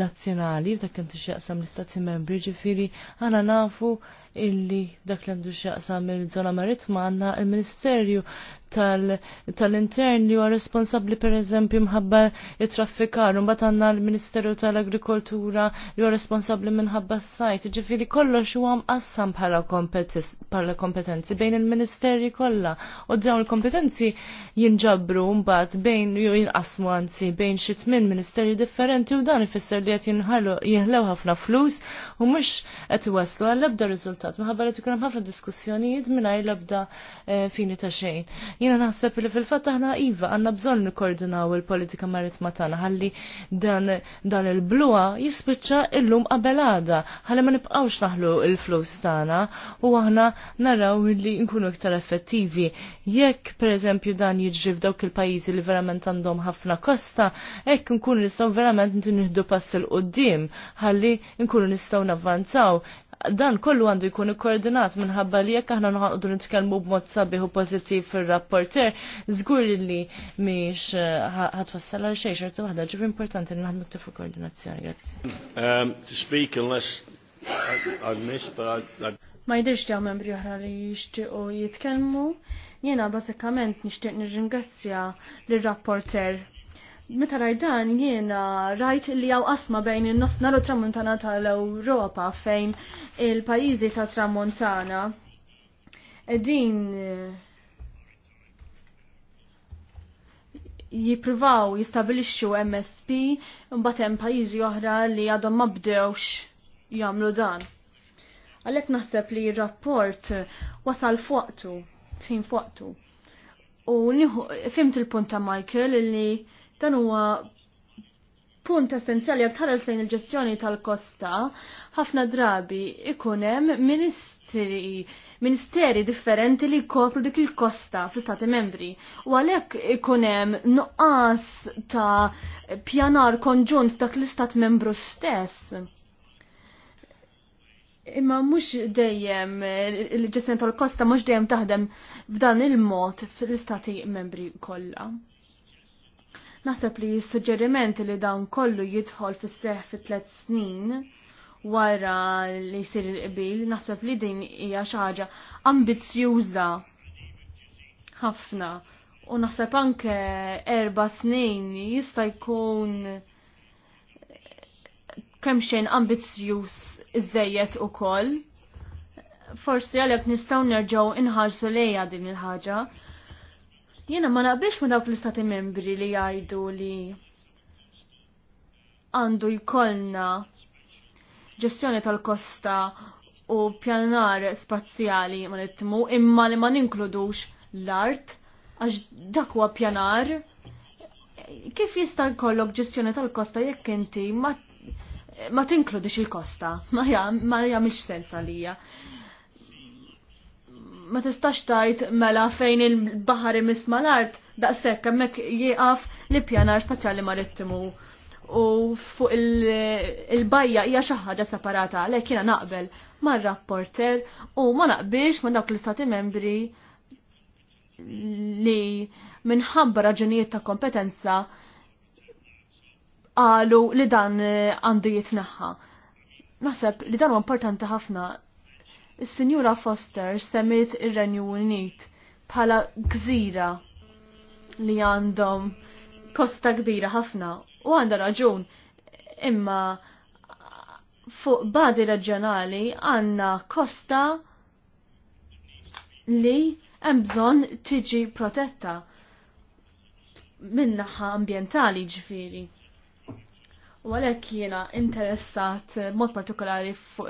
nazzjonali f'dak kien tixjaqsam l-istati membri ġifiri għana nafu illi dak li għandu xaqsa il zona maritma għandna il-Ministerju tal-intern li huwa responsabbli pereżempju mħabba it-traffikar, mbagħad għandna l-Ministeru tal-Agrikoltura li huwa responsabbli minħabba s-sajt. kollo kollox għam assam bħala kompetenzi bejn il-Ministerji kollha. U dawn il-kompetenzi jinġabru mbagħad bejn ju jinqasmu anzi bejn xi tmien ministerji differenti u dan ifisser li qed jinħallu jeħlew ħafna flus u mhux qed iwaslu għall-ebda rizultat adottat. Maħabba li tikunem ħafna diskussjonijiet mingħajr l-ebda eh, fini ta' xejn. Jiena naħseb li fil-fatt aħna iva għandna bżonn nikkoordinaw il-politika maritma tagħna ħalli dan il-bluwa jispiċċa illum qabelada ħalli ma nibqgħux naħlu il-flus tagħna u aħna naraw li nkunu iktar effettivi. Jekk pereżempju dan jiġri f'dawk il-pajjiżi li verament għandhom ħafna kosta, hekk nkunu nistgħu verament ntinħdu pass il qudiem ħalli nkunu nistgħu navvanzaw dan kollu għandu jkun ikkoordinat minħabba li jekk aħna nħaqdu nitkellmu b'mod sabiħ u pożittiv fir-rapporter, żgur li miex eh, ħatwassal għal xejn xorta waħda ġib importanti li naħdmu ktif koordinazzjoni. Grazzi. Ma jidirx ġew membri oħra li jixtiequ jitkellmu. Jiena bażikament nixtieq nirringrazzja lir-rapporter Meta rajdan jiena rajt li jaw asma bejn il-nofsnar u tramuntana tal-Europa fejn il-pajizi ta' tramuntana. Din jipruvaw jistabilixxu MSP mbagħad hemm pajjiżi oħra li għadhom ma bdewx jagħmlu dan. Għalhekk naħseb li r-rapport wasal fuqtu, fin fuqtu. U fimt il-punt ta' Michael li Dan huwa punt essenzjali jekk tħares lejn il-ġestjoni tal-kosta, ħafna drabi ikun hemm ministri ministeri differenti li jkopru dik il-kosta fl-Stati membri. U għalhekk ikun hemm nuqqas ta' pjanar konġunt dak l-Istat membru stess. Imma mhux dejjem il-ġestjoni tal-kosta mhux dejjem taħdem b'dan il-mod fl-Istati membri kollha. Naħseb li s-suġġeriment li dawn kollu jidħol fis seħ fi tlet snin wara li jsir il-qbil, naħseb li din hija xi ħaġa ambizzjuża ħafna u naħseb anke erba' snin jista' jkun kemm xejn ambizzjuż iżejjed ukoll. Forsi għalhekk nistgħu nerġgħu inħarsu lejha din il-ħaġa Jena ma naqbilx ma dawk l-istati membri li jgħidu li għandu jkollna ġestjoni tal-kosta u pjanar spazjali ma nittmu imma li ma ninkludux l-art għax dak huwa pjanar kif jista' jkollok ġestjoni tal-kosta jekk inti ma ma tinkludix il-kosta ma jagħmilx sens għalija ma tistax tajt mela fejn il-bahar imis mal-art daqshekk hemmhekk jieqaf li ippjanar spazjali marittimu u fuq il-bajja hija xi ħaġa separata għalhekk jiena naqbel mar-rapporter u ma naqbilx ma dawk l-istati membri li minħabba raġunijiet ta' kompetenza qalu li dan għandu jitneħħa. Naħseb li dan huwa importanti ħafna Is-Sinjura Foster semmit ir-Renju Unit bħala gżira li għandhom kosta kbira ħafna u għandha raġun imma fuq bażi reġjonali għandna kosta li hemm bżonn tiġi protetta minn naħa ambjentali ġifieri. U għalhekk jiena interessat eh, mod partikolari fuq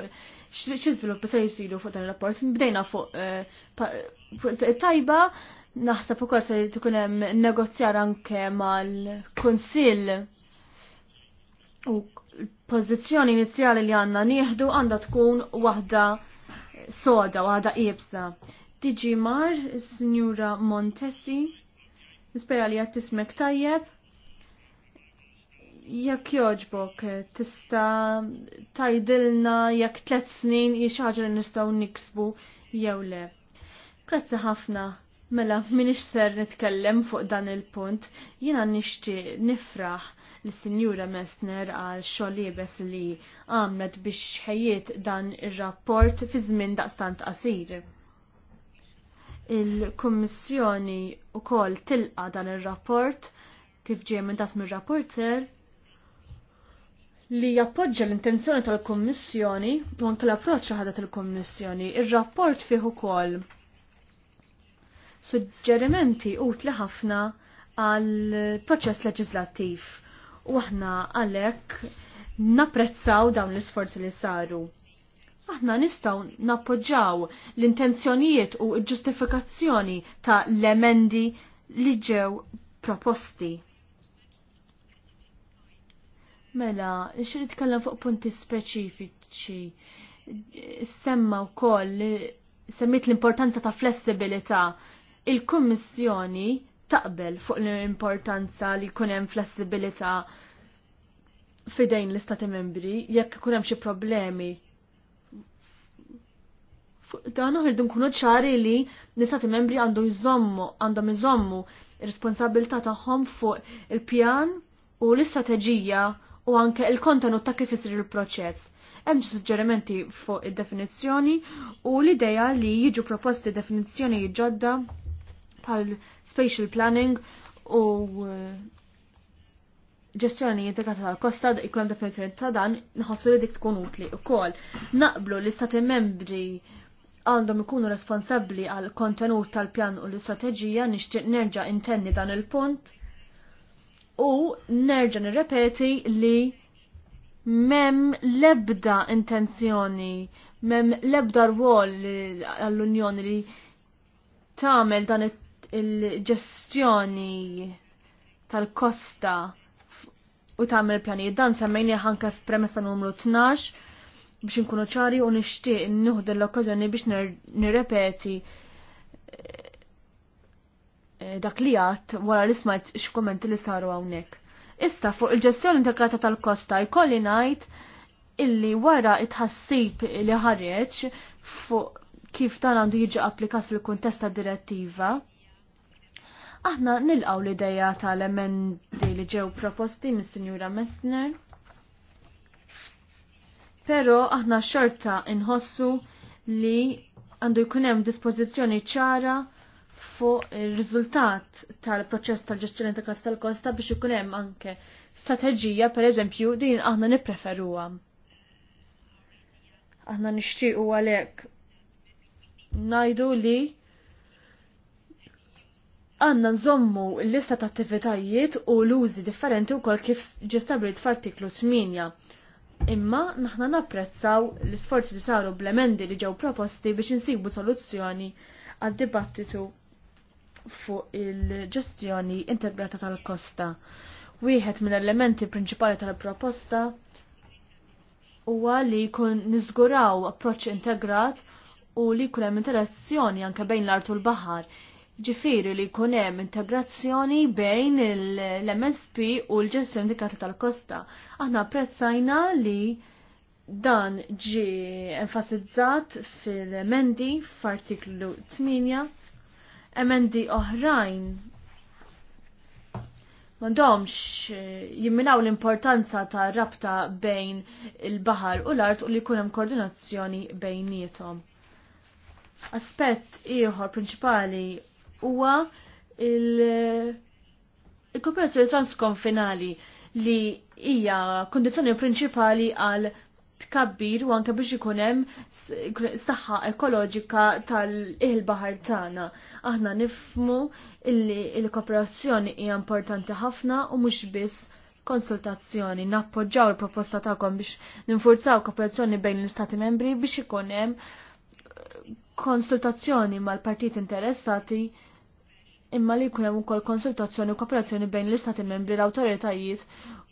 x'iżviluppi se jsiru fuq dan ir-rapport. Bdejna fuq eh, tajba naħseb ukoll se tkun hemm negozjar anke mal-Kunsill u l-pożizzjoni inizjali li għandna nieħdu għandha tkun waħda soda, waħda qiebsa. Diġi Mar, Signora Montessi, nispera li qed tismek tajjeb jekk joġbok, tista tajdilna jekk tlet snin i li nistaw niksbu jew le. Grazzi ħafna, mela minix ser nitkellem fuq dan il-punt, jina nishti nifraħ li sinjura Messner għal xolibes li għamlet biex ħejiet dan il-rapport fi żmien daqstant qasir. Il-Kummissjoni u kol tilqa dan il-rapport kif ġie mentat mir rapporter li jappoġġa l-intenzjoni tal-Kommissjoni u anke l-approċċ ħadet il-Kommissjoni. Ir-rapport fih ukoll suġġerimenti utli ħafna għal proċess leġislattiv u aħna għalhekk napprezzaw dawn l-isforzi li saru. Aħna nistgħu nappoġġaw l-intenzjonijiet u l-ġustifikazzjoni ta' l-emendi li ġew proposti. Mela, nixri nitkellem fuq punti speċifiċi. Semma u koll, semmit l-importanza ta' flessibilità. Il-Kummissjoni taqbel fuq l-importanza li kunem flessibilità fidejn l-Istati membri, jekk kunem xi problemi. Dan uħirdu nkunu ċari li l-Istati membri għandu jżommu, għandhom jżommu responsabilità tagħhom fuq il-pjan u l-istrateġija u anke il-kontenut ta' kif isir il-proċess. Hemm suġġerimenti fuq id-definizzjoni u l-idea li jiġu proposti definizzjoni ġodda bħal spatial planning u eh, ġestjoni integrata tal kosta ikun definizzjoni ta' dan nħossu li dik tkun utli ukoll. Naqblu li stati membri għandhom ikunu responsabbli għal kontenut tal-pjan u l-istrateġija nixtieq nerġa' intenni dan il-punt u nerġa' nirrepeti li mem lebda intenzjoni, mem lebda rwol għall-Unjoni li tagħmel dan il-ġestjoni tal-kosta u tagħmel pjani. dan semmejni ħanka f'premessa numru 12 biex nkunu ċari u nixtieq nieħdu l-okkażjoni biex nirrepeti nir Eh, dak li għat wara li smajt x'kummenti li saru hawnhekk. Issa fuq il-ġestjoni integrata tal-kosta jkolli ngħid illi wara itħassib li ħareġ fuq kif dan għandu jiġi applikat fil-kuntest tad direttiva. Aħna nilqaw l-ideja tal-emendi li ġew proposti minn sinjura Messner. Pero aħna xorta inħossu li għandu jkun hemm dispożizzjoni ċara fuq ir-riżultat tal-proċess tal-ġestjoni ta' Karta tal-Kosta biex ikun hemm anke strateġija pereżempju din aħna nippreferuha. Aħna nixtiequ għalhekk ngħidu li għanna nżommu l-lista ta' attivitajiet u l-użi differenti u kol kif ġestabrit f'artiklu 8. Imma naħna napprezzaw l-sforzi li saru blemendi li ġew proposti biex insibu soluzzjoni għad dibattitu fuq il-ġestjoni integrata tal-kosta. Wieħed mill-elementi prinċipali tal-proposta huwa li jkun niżguraw approċċ integrat u li jkun hemm interazzjoni anke bejn l-art u l-baħar. Ġifieri li jkun hemm integrazzjoni bejn l-MSP u l-ġestjoni integrata tal-kosta. Aħna apprezzajna li dan ġi enfasizzat fil-mendi f'artiklu 8 emendi oħrajn mandomx eh, jimminaw l-importanza ta' rabta bejn il-bahar u l-art u li kunem koordinazzjoni bejnietom. Aspett ieħor prinċipali huwa il-kooperazzjoni il transkonfinali li hija kondizjoni prinċipali għal tkabbir u anke biex ikun hemm saħħa ekoloġika tal-il bahar tagħna. Aħna nifmu illi l-kooperazzjoni hija importanti ħafna u mhux biss konsultazzjoni nappoġġaw il-proposta tagħkom biex ninfurzaw kooperazzjoni bejn l-Istati membri biex ikun hemm eh, konsultazzjoni mal-partit interessati imma li jkun hemm ukoll konsultazzjoni u kooperazzjoni bejn l-Istati membri l-awtoritajiet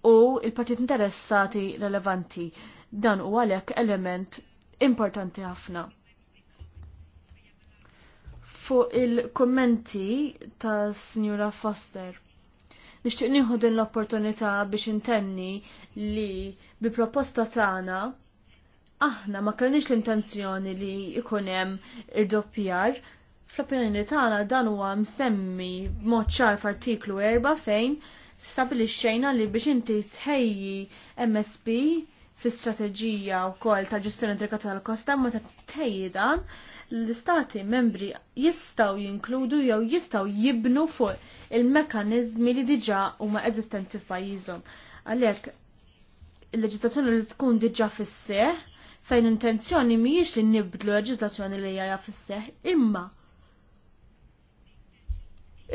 u l-partit interessati relevanti. Dan u għalek element importanti ħafna. Fuq il-kommenti ta' Signora Foster. Nixtieq nieħu din l-opportunità biex intenni li bi proposta tagħna aħna ma kellniex l-intenzjoni li ikun hemm irdoppjar fl-opinjoni tagħna dan huwa msemmi b'mod ċar f'artiklu 4 fejn stabilixxejna li biex inti tħejji MSP fl-istrateġija wkoll ta' ġestjoni integrata tal-kosta ma ta' tejjidan l-istati membri jistaw jinkludu jew jistaw jibnu fuq il-mekanizmi li diġa huma eżistenti f'pajjiżhom. Għalhekk il-leġislazzjoni li tkun diġa fis-seħ fejn intenzjoni mhijiex li nibdlu leġislazzjoni li hija fis-seħ imma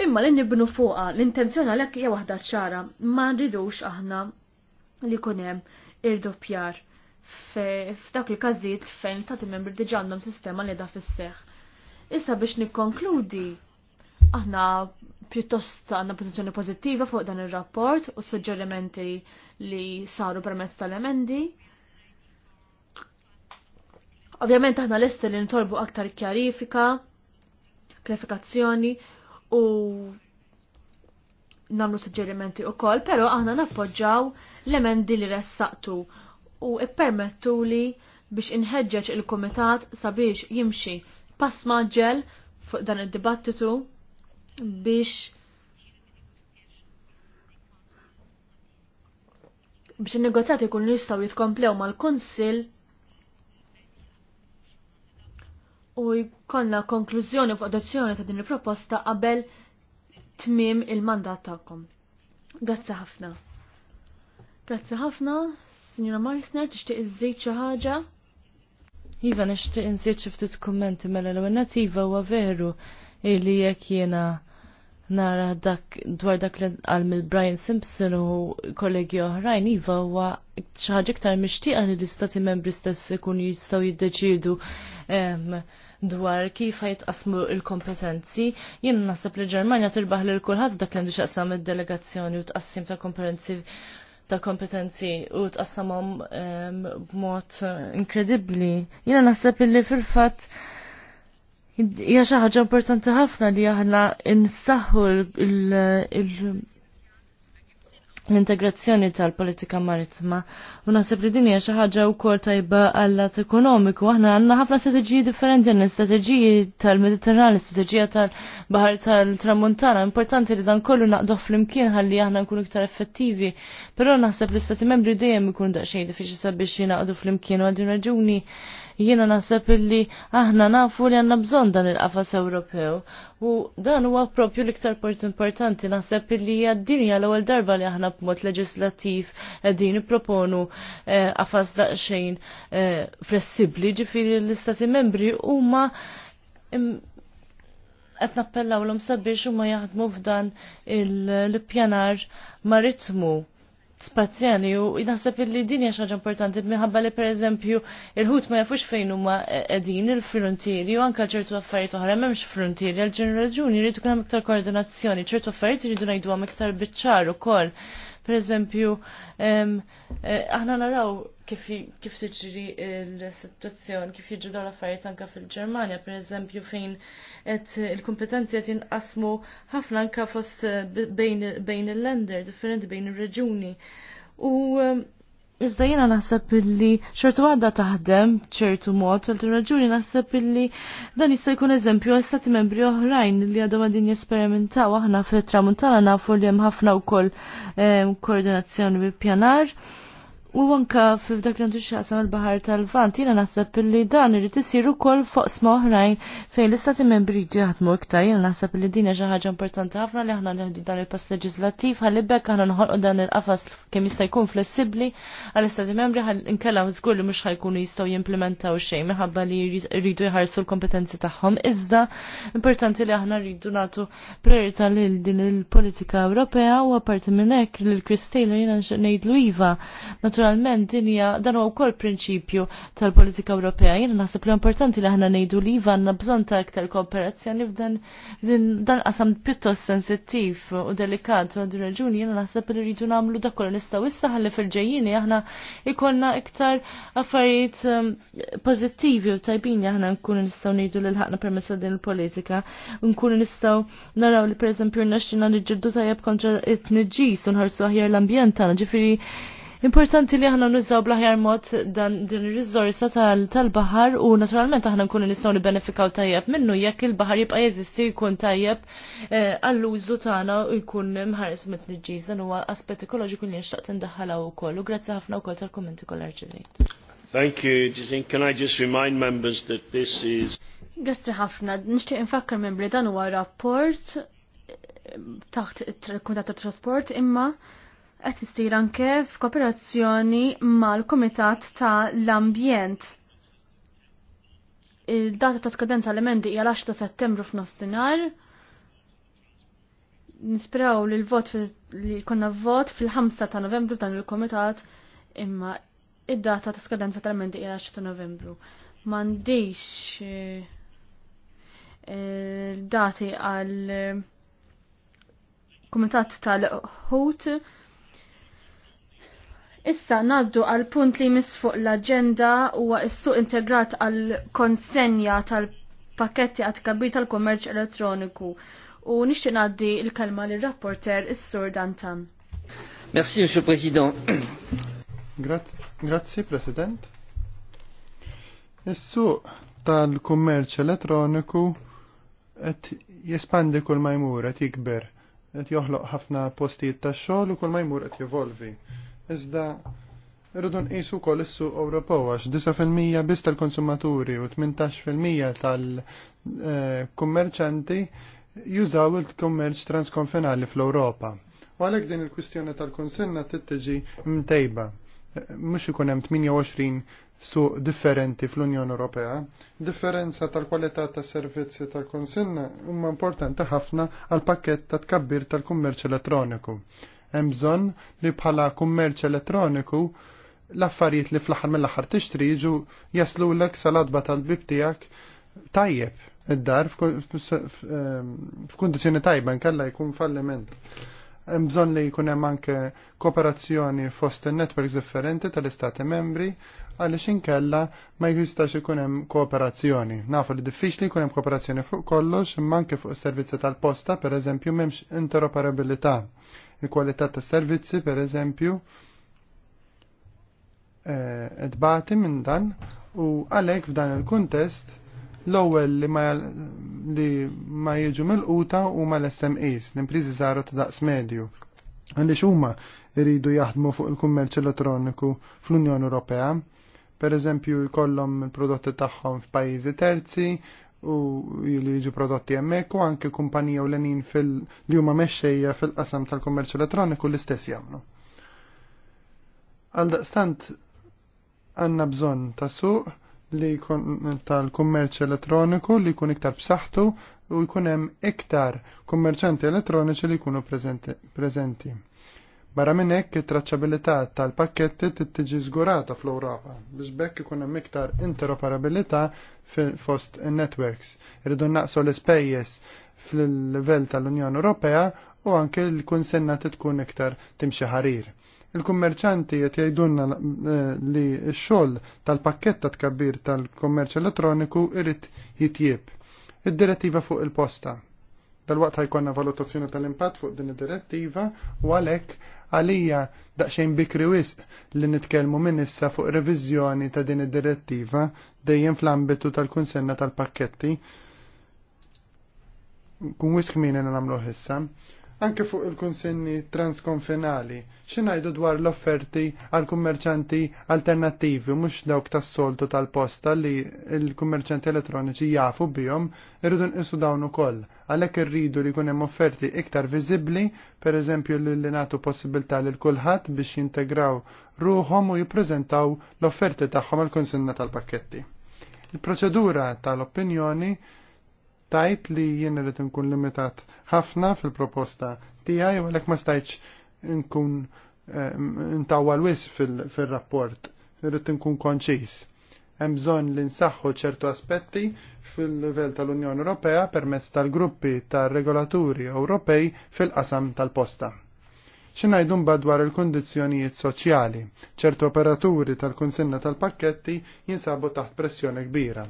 imma li nibnu fuqha l-intenzjoni għalhekk hija waħda ċara ma nridux aħna li kunem hemm irdoppjar f'dak il-każijiet fejn ta' membri diġà għandhom sistema li da fis Issa biex nikkonkludi, aħna pjuttost għandna pożizzjoni pożittiva fuq dan ir-rapport u suġġerimenti li saru permezz tal-emendi. Ovvjament aħna lesti li ntolbu aktar kjarifika, klarifikazzjoni u namlu suġġerimenti u koll, pero aħna nappoġġaw l-emendi li ressaqtu u ippermettu li biex inħeġġeġ il-komitat sabiex jimxi pass maġġel fuq dan id-dibattitu biex biex il-negozjati kun jistaw jitkomplew mal-konsil u jkollna konklużjoni fuq adozzjoni ta' din il-proposta qabel tmim il-mandat tagħkom. Grazzi ħafna. Grazzi ħafna, Signora Meissner, tixtieq iżżid xi ħaġa? Iva nixtieq insiet xi ftit kummenti mela l-ewwel iva huwa veru li jekk jiena nara dak dwar dak li għal mill Brian Simpson u kollegi oħrajn iva huwa xi ħaġa iktar mixtieqa li l-istati membri stess ikunu jistgħu jiddeċiedu dwar kif ħajtqasmu il-kompetenzi. Jien naħseb li Ġermanja tirbaħ lil kulħadd dak li għandu xaqsam id-delegazzjoni u tqassim ta' kompetenzi ta' kompetenzi u tqassamhom ehm, b'mod eh, inkredibbli. Jiena naħseb li fil-fatt hija xi ħaġa importanti ħafna li aħna insaħħu l-integrazzjoni tal-politika maritma u naħseb li dinja xi ħaġa wkoll tajba għallat ekonomiku aħna għandna ħafna strateġiji differenti għandna strateġiji tal-Mediterran, strateġija tal-Baħar tal-Tramuntana, importanti li dan kollu naqdoh flimkien ħalli aħna nkunu iktar effettivi, però naħseb li stati membri dejjem ikunu daqsxejn diffiċli sabiex jinaqdu flimkien u għal din raġuni Jiena naħseb illi aħna nafu li għandna bżonn dan il-qafas Ewropew. U dan huwa propju l-iktar port importanti naħseb illi hija dinja l-ewwel darba li aħna b'mod leġislattiv qegħdin nipproponu eh, qafas daqsxejn eh, flessibbli ġifieri l-istati membri huma qed nappellaw l-om sabiex huma jaħdmu f'dan il-pjanar maritmu spazjali u naħseb li din hija xaġa importanti minħabba li pereżempju il-ħut ma jafux fejn huma qegħdin il-frontieri u anke ċertu affarijiet oħra m'hemmx frontieri għal ġenerazzjoni raġuni jrid ikun hemm iktar koordinazzjoni, ċertu affarijiet iridu ngħidu hemm iktar biċċar ukoll pereżempju eh, aħna naraw kif tiġri l-situazzjoni, kif jiġu dawn l-affarijiet anke fil-Ġermanja, pereżempju fejn qed il-kompetenzi qed jinqasmu ħafna anke fost eh, bejn il-lender, differenti bejn ir-reġuni. U Iżda jena naħseb illi ċertu għadda taħdem ċertu mod, għaltin raġuni naħseb illi dan jista' jkun eżempju għal stati membri oħrajn li għadhom għadin jesperimentaw aħna fit tramuntana nafu li hemm ħafna wkoll eh, koordinazzjoni bi pjanar U anka f'dak li xaqsam il-bahar tal-Vant, jina naħseb li dan irrid isir ukoll fuq smoħrajn fejn l-istati membri jridu jaħdmu iktar, jina naħseb li din xi ħaġa importanti ħafna li aħna neħdu dan il-pass leġislattiv ħalli bekk aħna nħolqu dan il-qafas kemm jista' jkun flessibbli għall-istati membri nkellha żgur li mhux ħajkunu jistgħu jimplementaw xejn minħabba li jridu jħarsu l-kompetenzi tagħhom. Iżda importanti li aħna rridu nagħtu priorità lil din il-politika Ewropea u apparti minn hekk lil Chris Taylor jiena ngħidlu iva naturalment din hija dan huwa wkoll prinċipju tal-politika Ewropea. Jiena naħseb li importanti li aħna ngħidu li iva għandna bżonn ta' iktar kooperazzjoni f'dan dan qasam pjuttost sensittiv u delikat u għandu raġuni jiena naħseb li rridu nagħmlu dak kollu nistgħu issa ħalli fil ġejjini aħna ikollna iktar affarijiet ehm, pożittivi u tajbin li aħna nkunu nistgħu ngħidu lil ħaqna permezz din il-politika. Nkunu nistgħu naraw li pereżempju rnexxina niġġieldu tajjeb kontra it-tniġġis u nħarsu aħjar l-ambjent tagħna ġifieri Importanti li aħna nużaw blaħjar mod dan din ir-riżorsa tal-baħar u naturalment aħna nkunu nistgħu nibbenefikaw tajjeb minnu jekk il-baħar jibqa' jeżisti jkun tajjeb eh, għall-użu tagħna u jkun mħares mit-tniġġis dan huwa aspett ekoloġiku li nixtaq tindaħħalaw ukoll u grazzi ħafna wkoll tal-kummenti kollha rċevejt. Thank you, Jason. Can I just remind members that this is... Grazzi ħafna. Nixtieq infakkar membri dan huwa rapport eh, taħt il-Kuntat tat trasport imma qed isir anke f'kooperazzjoni mal-Kumitat ta' l-Ambjent. Il-data ta' skadenza l-emendi hija l-10 ta' Settembru f'nofsinhar. Nisperaw li l-vot li konna vot fil-5 ta' Novembru dan il-Kumitat imma id-data ta' skadenza tal-emendi hija l-10 ta' Novembru. M'għandix eh, dati għal kumitat tal-ħut Issa naddu għal punt li misfuq l-agenda huwa s-suq integrat għal konsenja tal-paketti għat kabbi tal-kommerċ elettroniku u nixtieq ngħaddi l-kelma li rapporter is-Sur Dantan. Merci, Monsieur President. Grazie, Grazzi, President. Is-suq tal-kummerċ elettroniku qed jespandi kull ma jmur qed jikber, qed joħloq ħafna postijiet tax-xogħol u kull ma jmur qed jevolvi iżda rridu nqisu wkoll is-suq Ewropew għax 9% biss tal-konsumaturi u 18% tal-kummerċanti jużaw il-kummerċ transkonfinali fl-Ewropa. U għalhekk din il-kwistjoni tal-konsenna tittiġi mtejba. Mhux ikun hemm 28 suq differenti fl-Unjoni Ewropea. Differenza tal-kwalità tas-servizzi tal-konsenna huma importanti ħafna għal pakkett ta' tkabbir tal-kummerċ elettroniku hemm bżonn li bħala kummerċ elettroniku l-affarijiet li fl-aħħar mill-aħħar tixtri jiġu jaslu lek sal-adba tal-bib tiegħek tajjeb id-dar f'kundizzjoni tajba nkella jkun falliment. Hemm bżonn li jkun hemm anke kooperazzjoni fost in-networks differenti tal-istati membri għaliex inkella ma jistax ikun hemm kooperazzjoni. Nafu li diffiċli jkun hemm kooperazzjoni fuq kollox imma anke fuq is-servizzi tal-posta pereżempju m'hemmx interoperabilità il-kwalità tas servizzi per eżempju, edbati eh, minn dan u għalek f'dan il-kontest l-ewwel li ma li ma jiġu mill-quta huma l-SMEs, l-impriżi żgħar ta' daqs medju. Għaliex huma jridu jaħdmu fuq il-kummerċ elettroniku fl-Unjoni Ewropea, per eżempju jkollhom il-prodotti tagħhom f'pajjiżi terzi u jili jiġu prodotti hemmhekk u anke kumpanija u lenin fil li huma mexxejja fil-qasam tal-kummerċ elettroniku l-istess jagħmlu. Għal daqstant għandna bżonn ta' suq li jkun tal-kummerċ elettroniku li jkun iktar b'saħħtu u jkun hemm iktar kummerċanti elettroniċi li jkunu preżenti. Barra minn hekk it-traċċabilità tal-pakketti tittiġi żgurata fl-Ewropa biex bekk ikun hemm iktar interoperabilità fost networks Irridu naqsu l-ispejjeż fil-livell tal-Unjoni Ewropea u anke l-kunsenna tkun iktar timxi ħarir il-kummerċanti qed jgħidulna eh, li x-xogħol tal-pakketta tkabbir tal-kummerċ elettroniku irid jitjieb. Id-direttiva fuq il-posta. Dal-waqt ħajkonna valutazzjoni tal-impatt fuq din id-direttiva u għalhekk għalija daqsxejn bikri wisq li nitkellmu minn issa fuq reviżjoni ta' din id-direttiva dejjem fl-ambitu tal-kunsenna tal-pakketti. Kun wisq min nagħmluh issa. Anke fuq il-konsenni transkonfinali, xinajdu dwar l-offerti għal kummerċanti alternativi, mux dawk tas soltu tal-posta li il-kummerċanti elettroniċi jafu bihom, irridu nqisu dawn ukoll. Għalhekk irridu li jkun hemm offerti iktar viżibbli, pereżempju li li nagħtu possibilità lil kulħadd biex jintegraw ruhom u jippreżentaw l-offerti tagħhom għal konsenna tal-pakketti. Il-proċedura tal-opinjoni tajt li jien irid nkun limitat ħafna fil-proposta tiegħi u għalhekk ma stajtx nkun eh, ntawwa l fil-rapport, irrid nkun konċis. Hemm bżonn li nsaħħu ċertu aspetti fil-livell tal-Unjoni Ewropea permezz tal-gruppi tar-regolaturi Ewropej fil-qasam tal-posta. Xinajdun dwar il-kondizjonijiet soċjali, ċertu operaturi tal-kunsinna tal-pakketti jinsabu taħt pressjoni kbira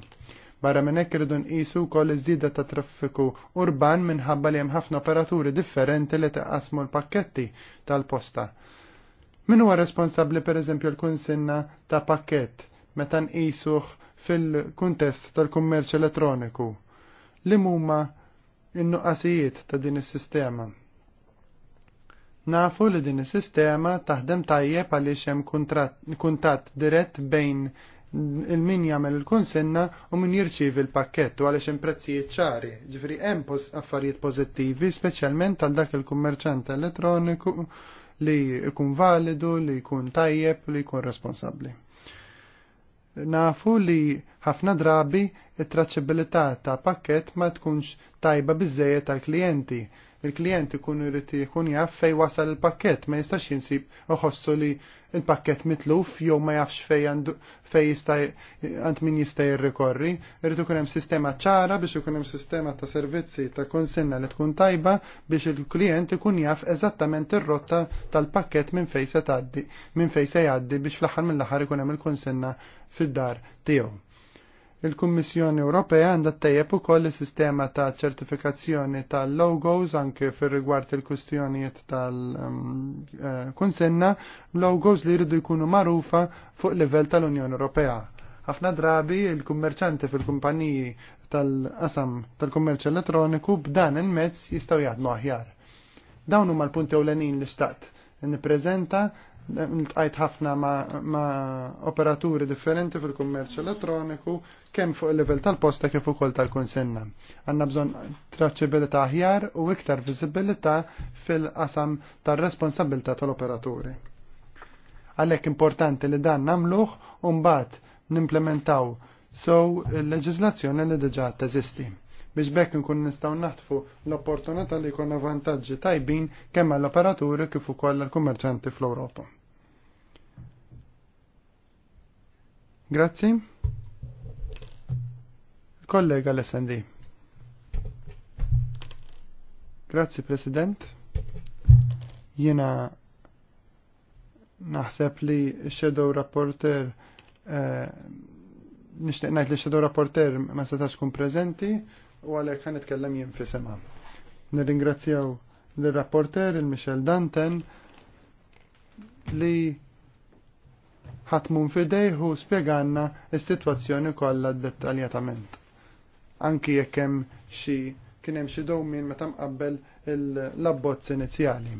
Barra minn hekk irridu nqisu wkoll iż-żieda ta' traffiku urban minħabba li hemm ħafna operaturi differenti li taqasmu l-pakketti tal-posta. Min huwa responsabbli pereżempju l-kunsinna ta' pakkett meta nqisuh fil-kuntest tal-kummerċ elettroniku? Li huma in-nuqqasijiet ta' din is-sistema? Nafu li din is-sistema taħdem tajjeb għaliex hemm kuntatt dirett bejn il-min jagħmel il-kunsenna u min jirċievi l-pakkett u hemm imprezzijiet ċari. Ġifieri hemm affarijiet pożittivi speċjalment għal dak il-kummerċant elettroniku li jkun validu, li jkun tajjeb, li jkun responsabbli. Nafu li ħafna drabi it-traċċabilità ta' pakkett ma tkunx tajba biżejjed tal-klijenti il-klient ikun irid ikun jaf fej wasal il-pakkett, ma jistax jinsib uħossu li il-pakkett mitluf jew ma jafx fej fej jista' għand min jista' jirrikorri. Irid ikun hemm sistema ċara biex ikun hemm sistema ta' servizzi ta' konsenna li tkun tajba biex il-klient ikun jaf eżattament ir-rotta tal-pakkett minn fej se tgħaddi, minn fej se jgħaddi biex fl-aħħar mill-aħħar ikun hemm il-konsenna fid-dar tiegħu. Il-Kummissjoni Ewropea għandha tejjeb ukoll is-sistema ta' ċertifikazzjoni tal-logos anke fir-rigward il-kustjonijiet tal-kunsenna, um, eh, logos li jridu jkunu magħrufa fuq livell tal-Unjoni Ewropea. Ħafna drabi il-kummerċanti fil-kumpaniji tal-qasam tal-kummerċ elettroniku b'dan il-mezz jistgħu jaħdmu aħjar. Dawn huma l-punti ewlenin li xtaqt nippreżenta Tqajt ħafna ma' operaturi differenti fil-kummerċ elettroniku kemm fuq il-level tal-posta e kif ukoll tal-konsenna. Għandna bżonn traċċibilità aħjar u iktar viżibilità fil-qasam tar-responsabilità tal-operaturi. Għalhekk importanti li dan nagħmluh u mbagħad nimplementaw sew il-leġiżlazzjoni li diġà teżisti biex bekk nkun nistgħu naħtfu l-opportunità li jkollna vantaġġi tajbin kemm għall-operaturi kif ukoll għall-kummerċanti fl-Ewropa. Grazzi. Kollega l-SND. Grazzi, President. Jena naħseb li Shadow Rapporter eh, nishtiq ngħid li Shadow Rapporter ma setax kun prezenti u għalhekk ħan itkellem jien fi sema. Nirringrazzjaw l rapporter il-Michel Danten li ħatmun fidejhu spieganna s-situazzjoni kollha dettaljatament. Anki jekk hemm xi kien hemm xi dowmin meta mqabbel l-abbozz inizjali.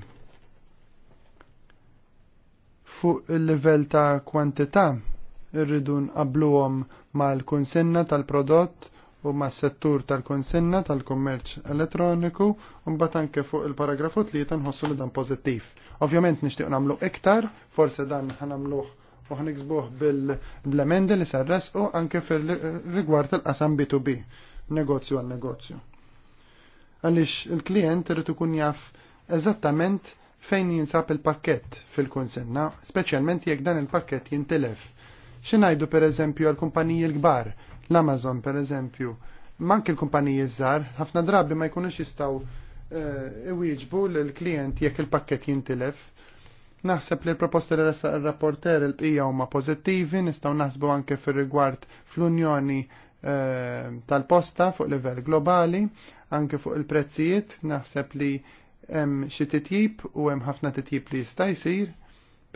Fuq il-livell ta' kwantità irridu nqabbluhom mal-kunsenna tal-prodott u ma' settur tal-konsenna tal-kommerċ elettroniku u mbagħad anke fuq il-paragrafu tlieta nħossu li dan pożittiv. Ovvjament nixtieq nagħmlu iktar, forse dan ħanamluh u ħaniksbuh bil-blemendi li sarres u anke fil-rigward tal-qasam B2B, negozju għal negozju. Għalix il-klient rritu ikun jaf eżattament fejn jinsab il-pakket fil-konsenna, specialment jekk dan il-pakket jintilef. Xinajdu per eżempju għal-kumpaniji l-kbar, l-Amazon per eżempju, mank il-kumpaniji żgħar, ħafna drabi ma jkunux jistaw eh, iwieġbu l-klient jekk il-pakket jintilef Naħseb li l-proposti li resa il-rapporter il-bqija huma pozittivi, nistgħu naħsbu anke fir-rigward fl-Unjoni eh, tal-posta fuq livell globali, anke fuq il-prezzijiet, naħseb li hemm xi titjib u hemm ħafna titjib li jista' jsir.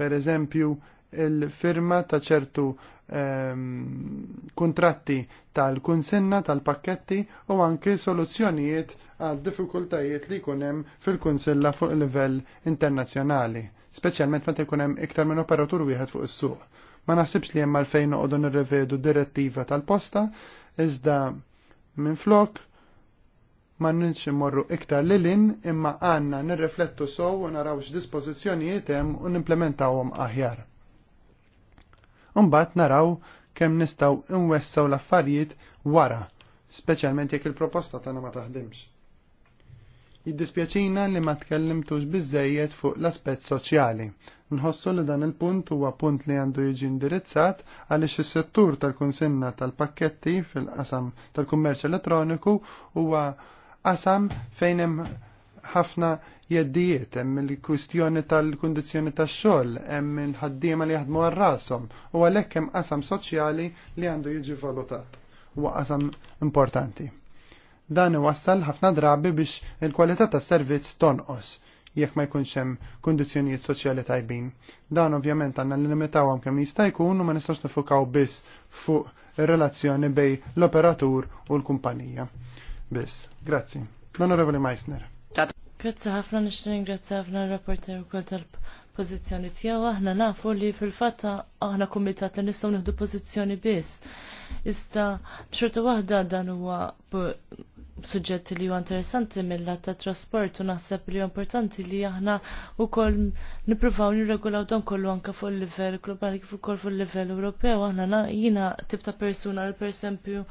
Per eżempju, il-firma ta' ċertu ehm, kontratti tal-kunsenna tal-pakketti u anke soluzzjonijiet għal diffikultajiet li kunem fil-kunsella fuq livell internazzjonali, speċjalment meta hemm iktar minn operatur wieħed fuq is-suq. Ma naħsibx li hemm għalfejn noqogħdu nirrevedu direttiva tal-posta, iżda minn flok ma nix morru iktar li lin imma għanna nirriflettu sow u narawx dispożizzjonijiet hemm u nimplementawhom aħjar. Umbat naraw kemm nistaw inwessaw l-affarijiet wara, speċjalment jekk il-proposta tagħna ma taħdimx. Jiddispjaċina li ma tkellimtux biżejjed fuq l-aspett soċjali. Nħossu li dan il-punt huwa punt li għandu jiġi indirizzat għaliex is-settur tal-kunsinna tal-pakketti fil-qasam tal-kummerċ elettroniku huwa qasam fejn hemm ħafna jeddijiet, hemm il-kwistjoni tal-kundizzjoni tax-xogħol, hemm il-ħaddiema li jaħdmu għal rashom u għalhekk hemm qasam soċjali li għandu jiġi valutat huwa qasam importanti. Dan iwassal ħafna drabi biex il-kwalità tas-servizz tonqos jekk ma jkunx hemm kundizzjonijiet soċjali tajbin. Dan ovvjament għandna nlimitawhom kemm jista' jkun u ma nistax nifukaw biss fuq ir-relazzjoni bej l-operatur u l-kumpanija. Biss. Grazzi. L-Onorevoli Meissner. Grazzi ħafna nixtin ingrazzi ħafna r-rapporter ukoll tal-pożizzjoni tiegħu aħna nafu li fil-fatt aħna kumitat li nistgħu nieħdu pożizzjoni biss. Issa xorta waħda dan huwa suġġett li huwa interessanti mill ta' trasport u naħseb li importanti li aħna wkoll nippruvaw nirregulaw dan kollu anke fuq il-livell globali kif ukoll fuq il-livell Ewropew aħna jiena tip ta' persuna li esempio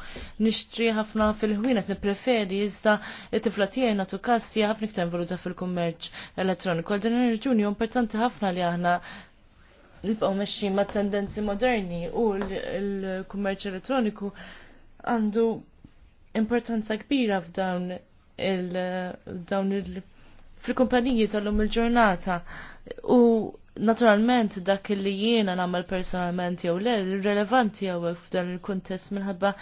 nixtri ħafna fil-ħwienet nippreferi iżda it-tifla tiegħi nagħtu każ tiegħi ħafna iktar involuta fil-kummerċ elettroniku. Għal din ir importanti ħafna li aħna nibqgħu mexxin ma' tendenzi moderni u l-kummerċ elettroniku għandu importanza kbira f'dawn il-dawn il- fil-kumpaniji tal-lum il-ġurnata u naturalment dak li jiena nagħmel personalment jew le relevanti hawnhekk f'dan il-kuntest minħabba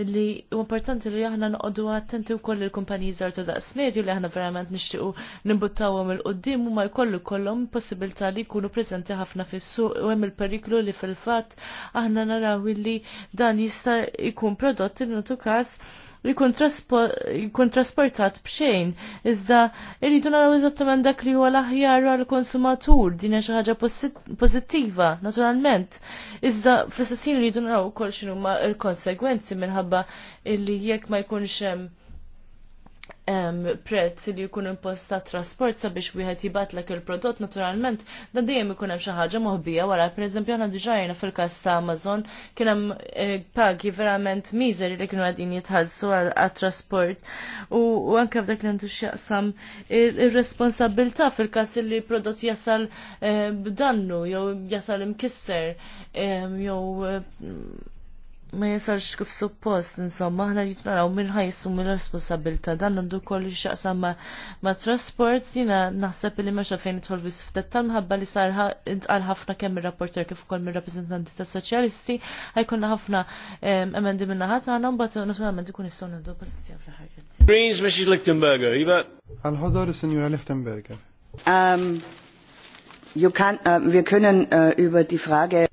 li u importanti li aħna noqogħdu attenti wkoll il-kumpaniji żgħar ta' smedju li aħna verament nixtiequ nimbuttawhom il qoddim u ma jkollu kollhom possibilità li jkunu preżenti ħafna fis-suq u hemm il-periklu li fil-fatt aħna naraw li dan jista' jkun prodott li nagħtu każ li jkun trasportat bxejn. Iżda irridu naraw eżattament dak li huwa l-aħjar għal konsumatur din hija xi ħaġa pożittiva naturalment. Iżda fl-istessin irridu naraw ukoll x'inhuma l-konsegwenzi minħabba illi jekk ma jkunx hemm um, prezz li jkun imposta trasport sabiex wieħed jibatlek il-prodott naturalment dan dejjem ikun hemm xi ħaġa moħbija wara pereżempju aħna diġajna fil-każ ta' Amazon kien hemm eh, pagi verament miżeri li kienu għadin jitħallsu għat-trasport u, u anke f'dak li għandu x'jaqsam ir-responsabilità fil-każ li prodott jasal eh, b'dannu jew jasal imkisser eh, jew ma jesarx kif suppost, insomma, ħna jitnaraw minn ħajsu minn responsabilta dan għandu kollu xaqsa ma, ma trasport, jina naħseb li meċa fejn itħol bis f'dettal mħabba li sarħa intqal ħafna kemm il-rapporter kif kol minn rappresentanti ta' soċjalisti, ħajkunna ħafna emendi minna ħat għana, mbagħad naturalment ikun nistgħu nagħdu oppożizzjoni fl-ħarġet. Greens, Mrs. Lichtenberger, iva. Għal-ħodor, Sinjura Lichtenberger. Um, you can, uh, wir können uh, über die Frage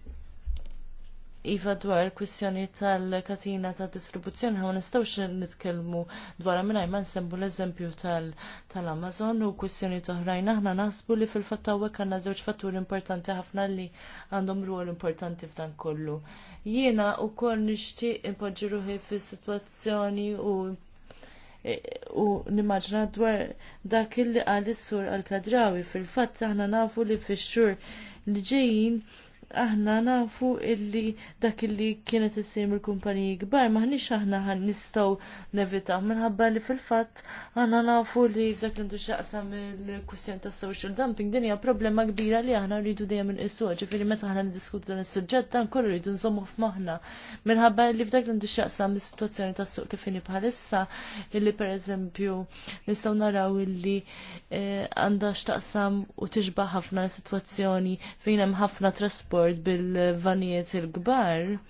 Iva dwar il-kwistjoni tal-katina ta' distribuzzjoni għu nistawx nitkellmu dwar minnaj ma sembu l-eżempju tal-Amazon u kwistjoni toħrajn aħna nasbu li fil-fatt kanna għandna żewġ fatturi importanti ħafna li għandhom ruol importanti f'dan kollu. Jiena wkoll nixtieq nishti ruħi fis-sitwazzjoni u e, u nimmaġna dwar dak li għal is-sur għal-kadrawi fil-fatt aħna nafu li fix-xhur li ġejjin aħna nafu illi dak illi kienet issir l kumpaniji kbar maħniex aħna nistgħu nevita minħabba li fil-fatt aħna nafu li f'dak li ndux jaqsam il-kwistjoni ta' social dumping din hija problema kbira li aħna rridu dejjem inqisu ġifieri meta aħna niddiskutu dan is-suġġett dan kollu rridu nżommu f'maħna. Minħabba li f'dak li ndux jaqsam is-sitwazzjoni tas-suq kif inhi bħalissa illi pereżempju nistgħu naraw illi eh, għandha x'taqsam u tixba' ħafna situazzjoni fejn hemm ħafna trasport l bil-vanijiet il-kbar. il kbar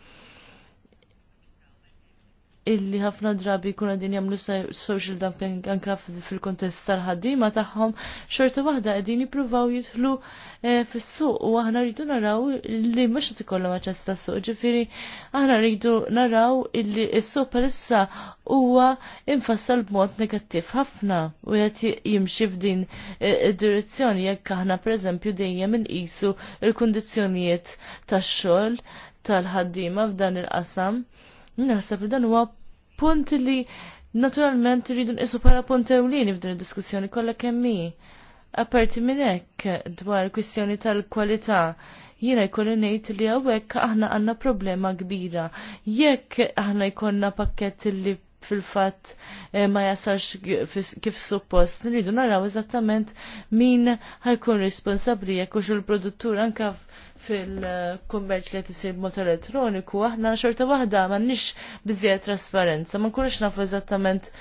illi ħafna drabi kuna din jamlu social dumping anka fil-kontest tal-ħaddima tagħhom xorta waħda qegħdin jippruvaw jidħlu eh, fis-suq u aħna rridu naraw li mhux qed ikollhom maċesta tas-suq. Ġifieri aħna rridu naraw illi s-suq palissa huwa infassal b'mod negattiv ħafna u qed jimxi f'din eh, id-direzzjoni jekk aħna pereżempju dejjem inqisu il-kundizzjonijiet tax-xogħol tal ħaddima f'dan il-qasam. Naħseb li dan huwa punt li naturalment rridu nqisu bħala punt ewlieni f'din id-diskussjoni kollha kemm hi. Apparti minn hekk dwar kwistjoni tal-kwalità, jiena jkolli ngħid li hawnhekk aħna għandna problema kbira. Jekk aħna jkollna pakkett li fil-fatt eh, ma jasax kif suppost, nridu naraw eżattament min ħajkun responsabbli jekk u xul produttur anke fil-kummerċ li tisir mot elettroniku, aħna xorta waħda m'għandniex bizzija trasparenza, ma nkunux nafu eżattament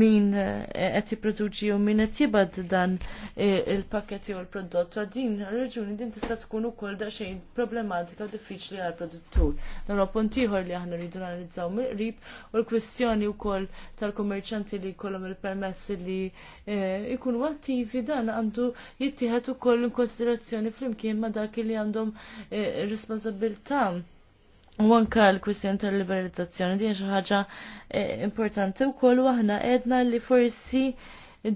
min eh, qed jipproduċi u min qed jibad dan eh, il-pakket jew il-prodott. Għal din raġuni din tista' tkun ukoll daqsxejn problematika u diffiċli għal produttur. Dan punt ieħor li aħna rridu analizzaw mill-qrib u l-kwistjoni wkoll tal-kummerċanti li jkollhom il-permessi li eh, jkunu attivi dan għandu jittieħed ukoll in konsiderazzjoni flimkien ma dak li għandhom responsabilità u anka l-kwistjoni tal-liberalizzazzjoni din xi ħaġa eh, importanti wkoll aħna qedna li forsi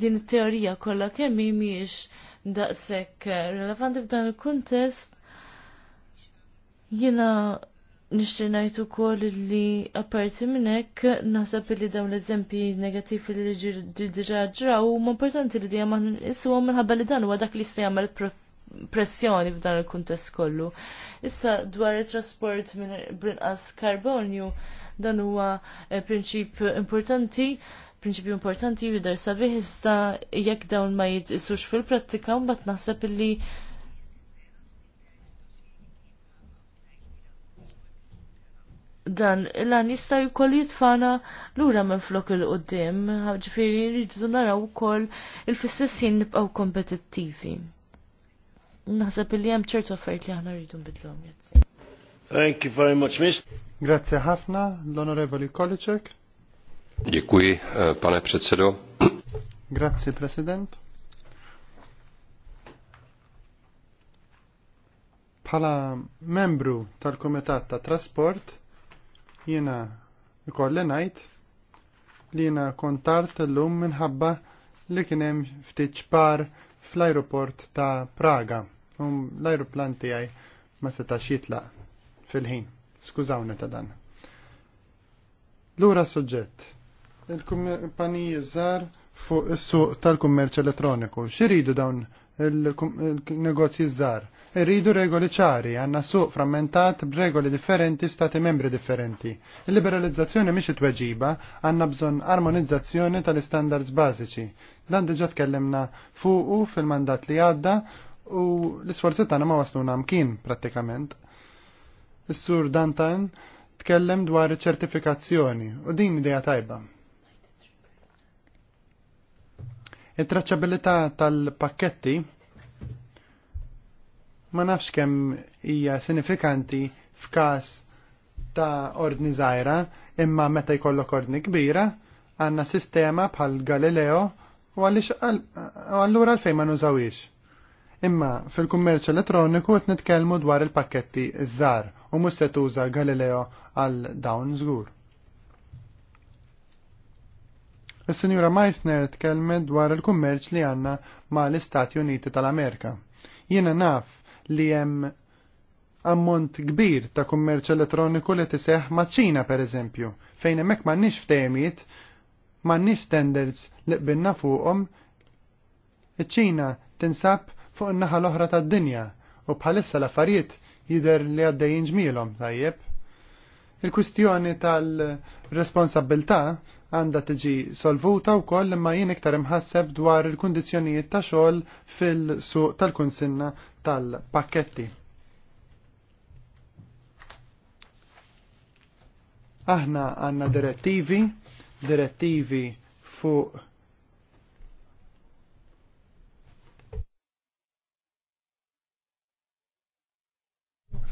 din it-teorija kollha kemm mhijiex daqshekk eh, relevanti f'dan il-kuntest jiena nixtri ngħid ukoll li apparti minn hekk naħseb li dawn l-eżempji negativi li diġa ġraw huma importanti li dejjem aħna issu minħabba li dan huwa dak li jista' jagħmel pressjoni f'dan il-kuntest kollu. Issa dwar it-trasport minn brinqas karbonju dan huwa eh, prinċip importanti prinċipju importanti li darsa biħista jekk dawn ma jitqisux fil-prattika mbagħad naħseb illi dan l-għan jista jkoll jitfana l-ura minn flok il-qoddim, ġifiri rridu naraw ukoll il fissessin nibqaw kompetittivi naħseb li hemm ċertu affarijiet li aħna rridu nbidlhom jazzi. Thank you very much, Miss. Grazie ħafna, l-Onorevoli Kolicek. Dziękuję, e, pane předsedo. Grazie, president. Pala membru tal-Komitat ta' Trasport, jiena ikolli najt li jiena kontart l-lum minħabba li kienem ftit ċpar fl-aeroport ta' Praga l-ajruplan tiegħi ma setax jitlaq fil-ħin. Skużawni ta' dan. Lura suġġett. Il-kumpaniji zar fuq is-suq tal-kummerċ elettroniku. X'iridu dawn il-negozji zar? Irridu regoli ċari, għandna suq frammentat b'regoli differenti f'stati membri differenti. Il-liberalizzazzjoni mhix tweġiba, għandna bżonn armonizzazzjoni tal-istandards bażiċi. Dan diġà tkellimna fuqu fil-mandat li għadda u l-isforzi tagħna ma waslu namkien prattikament. Is-sur Dantan tkellem dwar ċertifikazzjoni u din idea tajba. Il-traċabilità tal-pakketti ma nafx kemm hija sinifikanti f'każ ta' ordni żgħira, imma meta jkollok ordni kbira, għandna sistema bħal Galileo u għallura għalfejn ma nużawiex. Imma fil-kummerċ elettroniku qed nitkellmu dwar il-pakketti żgħar u mhux se tuża Galileo għal dawn żgur. Is-Sinjura Meissner tkellmet dwar il-kummerċ li għandna mal istati Uniti tal-Amerika. Jiena naf li hemm ammont kbir ta' kummerċ elettroniku li tiseħ ma' ċina pereżempju, fejn hemmhekk m'għandniex ftehimiet, m'għandniex standards li qbilna fuqhom, iċ-Ċina tinsab fuq in-naħa l-oħra tad-dinja u bħalissa l-affarijiet jidher li għaddejjin ġmielhom tajjeb. Il-kwistjoni tal-responsabilità għandha tiġi solvuta wkoll imma jien iktar imħasseb dwar il-kundizzjonijiet ta' xogħol fil-suq tal-kunsinna tal-pakketti. Aħna għandna direttivi, direttivi fuq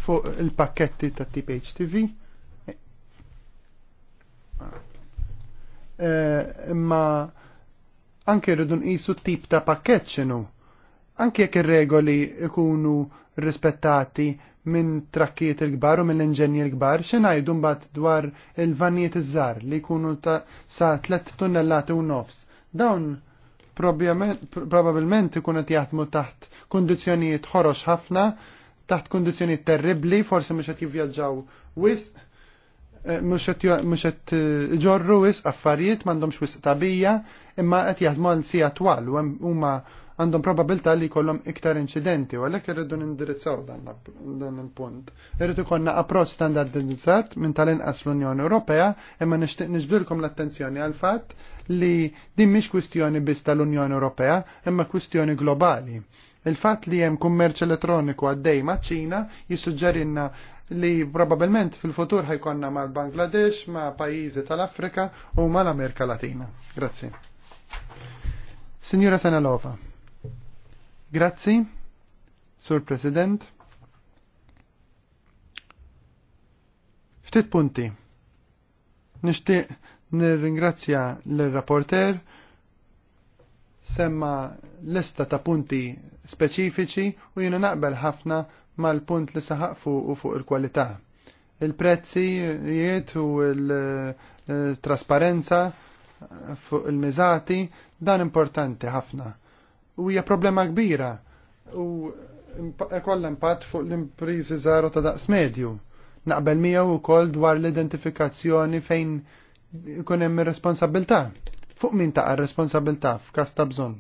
fuq il-pakketti ta' TPHTV. Eh, imma anke rridu nqisu tip ta' pakkett x'inhu. Anke jekk ir-regoli ikunu rispettati minn trakkiet il-kbar u mill inġenji l kbar xenajdu mbagħad dwar il-vanijiet iż-żar li jkunu ta' sa' tlet tunnellati u nofs. Dawn probabilment ikunu qed jaħdmu taħt kundizzjonijiet ħorox ħafna taħt kondizjoni terribli, forse mux għet jivjaġġaw wisq, mux għet ġorru wisq affarijiet, mandomx wis tabija, imma għet jaħdmu għal si twal, u għumma għandhom probabilta li kollom iktar incidenti, u għalek irridu nindirizzaw dan il-punt. Irridu konna approċ standardizzat minn tal-inqas l-Unjoni Ewropea, imma nishtiq l-attenzjoni għal fatt li din mhix kwistjoni biss tal-Unjoni Ewropea, imma kwistjoni globali Il-fatt li hemm kummerċ elettroniku għaddej maċ-Ċina jissuġġerinna li probabilment fil-futur ħajkonna mal-Bangladesh, ma' pajjiżi tal-Afrika u mal-Amerika Latina. Grazzi. Signora Sanalova. Grazzi, Sur President. Ftit punti. Nishtiq nirringrazzja l-rapporter semma lista ta' punti speċifiċi u jiena naqbel ħafna mal-punt li saħaq fuq u fuq il-kwalità. Il-prezzijiet u l-trasparenza fuq il-miżati dan importanti ħafna. U hija problema kbira u kolla impatt fuq l-imprizi żgħar ta' daqs medju. Naqbel miegħu kol dwar l-identifikazzjoni fejn ikun hemm ir-responsabilità fuq min taqa' responsabilità f'każ ta' bżonn.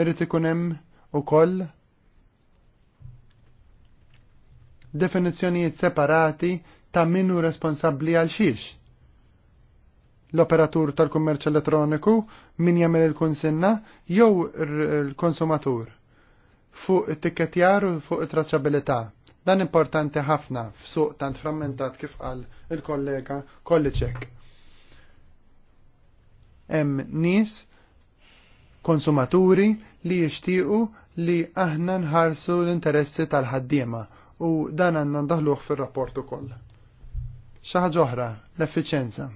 Irid ikun hemm ukoll definizzjonijiet separati ta' minnu responsabbli għal xiex. L-operatur tal-kummerċ elettroniku min jagħmel il-kunsinna jew il-konsumatur fuq it-tikketjar u fuq it-traċċabilità. Dan importanti ħafna f'suq tant frammentat kif qal il-kollega Kolliċek. Hemm nies konsumaturi li jixtiequ li aħna nħarsu l-interessi tal-ħaddiema u dan għandna ndaħluh fir-rapport ukoll. Xi ħaġa oħra, l-effiċenza.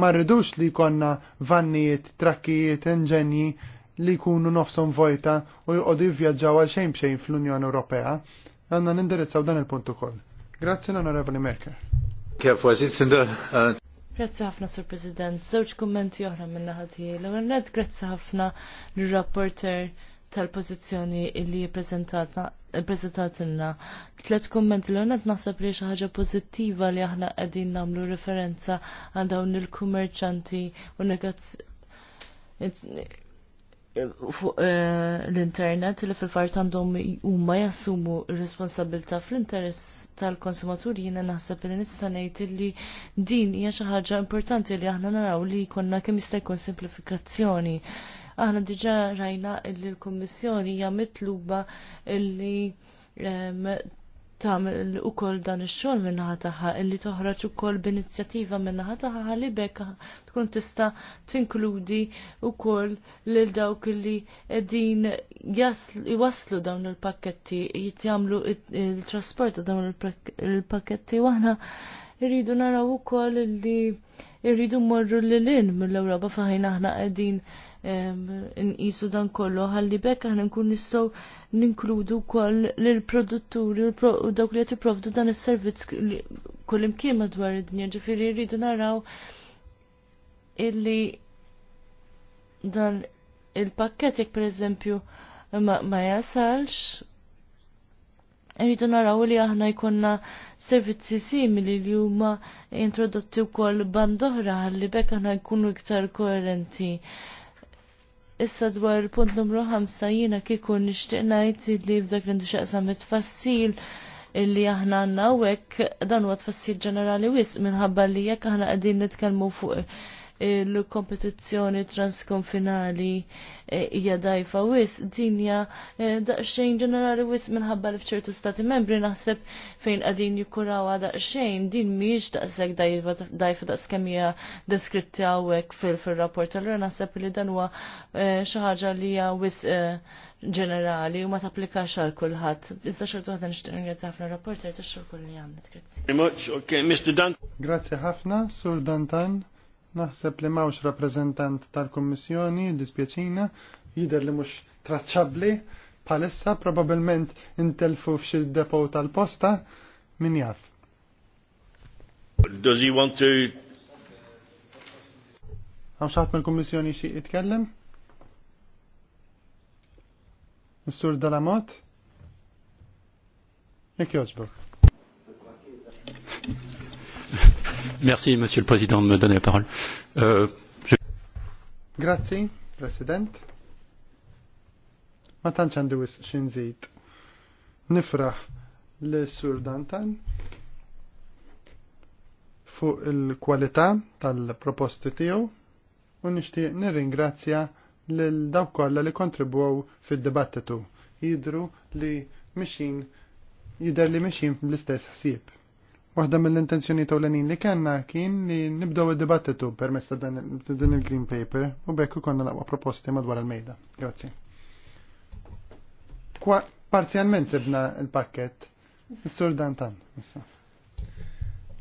Ma rridux li konna vannijiet, trakkijiet, inġenji li jkunu nofsom vojta u jqogħdu jivvjaġġaw għal xejn bxejn fl-Unjoni Ewropea, għandna nindirizzaw dan il-punt ukoll. Grazzi l-Onorevoli Merker. Kif, Wazitzender, äh, Grazzi ħafna, Sur President. Żewġ kummenti oħra minn ħadħi. L-ewwel nett grazzi ħafna l rapporter tal-pożizzjoni li ppreżentatilna. Tlet kummenti l net naħseb li xi ħaġa li aħna qegħdin nagħmlu referenza għal dawn il-kummerċanti u negazz fuq eh, l-internet li fil-fart għandhom huma jassumu responsabilta fl-interess tal-konsumaturi jiena naħseb li nista' ngħid li din hija xi ħaġa importanti li aħna naraw li jkollna kemm jista' jkun simplifikazzjoni. Aħna diġà rajna li l-Kummissjoni hija mitluba li tagħmel ukoll dan ix-xogħol min-naħa tagħha li toħroġ ukoll b'inizjattiva min-naħa tagħha li bekk tkun tista' tinkludi ukoll lil dawk li qegħdin jwaslu dawn il-pakketti jitjamlu il-trasport ta' dawn il-pakketti waħna irridu naraw ukoll li irridu morru lil in mill-Ewropa faħin aħna qegħdin nqisu dan kollu ħalli bekk aħna nkun nistgħu ninkludu wkoll lill-produtturi u dawk li qed iprovdu dan is-servizz kull imkien madwar id-dinja ġifieri rridu naraw illi dan il-pakket jekk pereżempju ma, ma jasalx Rridu naraw li aħna jkonna servizzi simili li huma introdotti wkoll bandoħra li bekk aħna jkunu iktar koerenti. Issa dwar punt numru 5 jina kikun nishtiqnajt li f'dak rindu indu xaqsam it-fassil illi aħna għanna u dan huwa tfassil ġenerali wis minħabba li jekk aħna qegħdin nitkellmu fuq l-kompetizzjoni transkonfinali eh, hija dajfa wis dinja eh, daqsxejn ġenerali wis minħabba li fċertu stati membri naħseb fejn qegħdin jikkuraw daqsxejn din mhix daqshekk dajfa daqskemm hija deskritti hawnhekk fil-rapport. Allura naħseb li dan huwa eh, xi ħaġa li hija wis ġenerali u ma tapplikax għal kulħadd. Iżda xortu waħda nixtieq ringrazzja ħafna rapporter tax-xogħol li għamlet. Grazzi. Grazzi ħafna, Sur Dantan. Naħseb li mawx rappresentant tal-Kommissjoni, dispjaċina, jider li mux traċċabbli bħalissa probabilment intelfu f'xi depo tal-posta, min jaf. Does he want to... Għaw xaħt mill-Kommissjoni xie jitkellem? is Dalamot? Jek joġbok. Merci, Monsieur le Président, de me donner la parole. Euh, je... Grazie, President. Ma tantx għandu xinżid. Nifraħ l sur Dantan fuq il-kwalità tal-proposti tiegħu u nixtieq nirringrazzja lil dawk kollha li kontribwew fid-dibattitu. Jidru li mixin jidher li mixin fl-istess ħsieb. Waħda mill-intenzjoni ta' l-anin li kanna kien li nibdow id-dibattitu permezz ta' dan il-Green Paper u bekk konna laqwa proposti madwar il-mejda. Grazzi. Kwa parzjalment sebna il-pakket. Is-Sur Dantan, issa.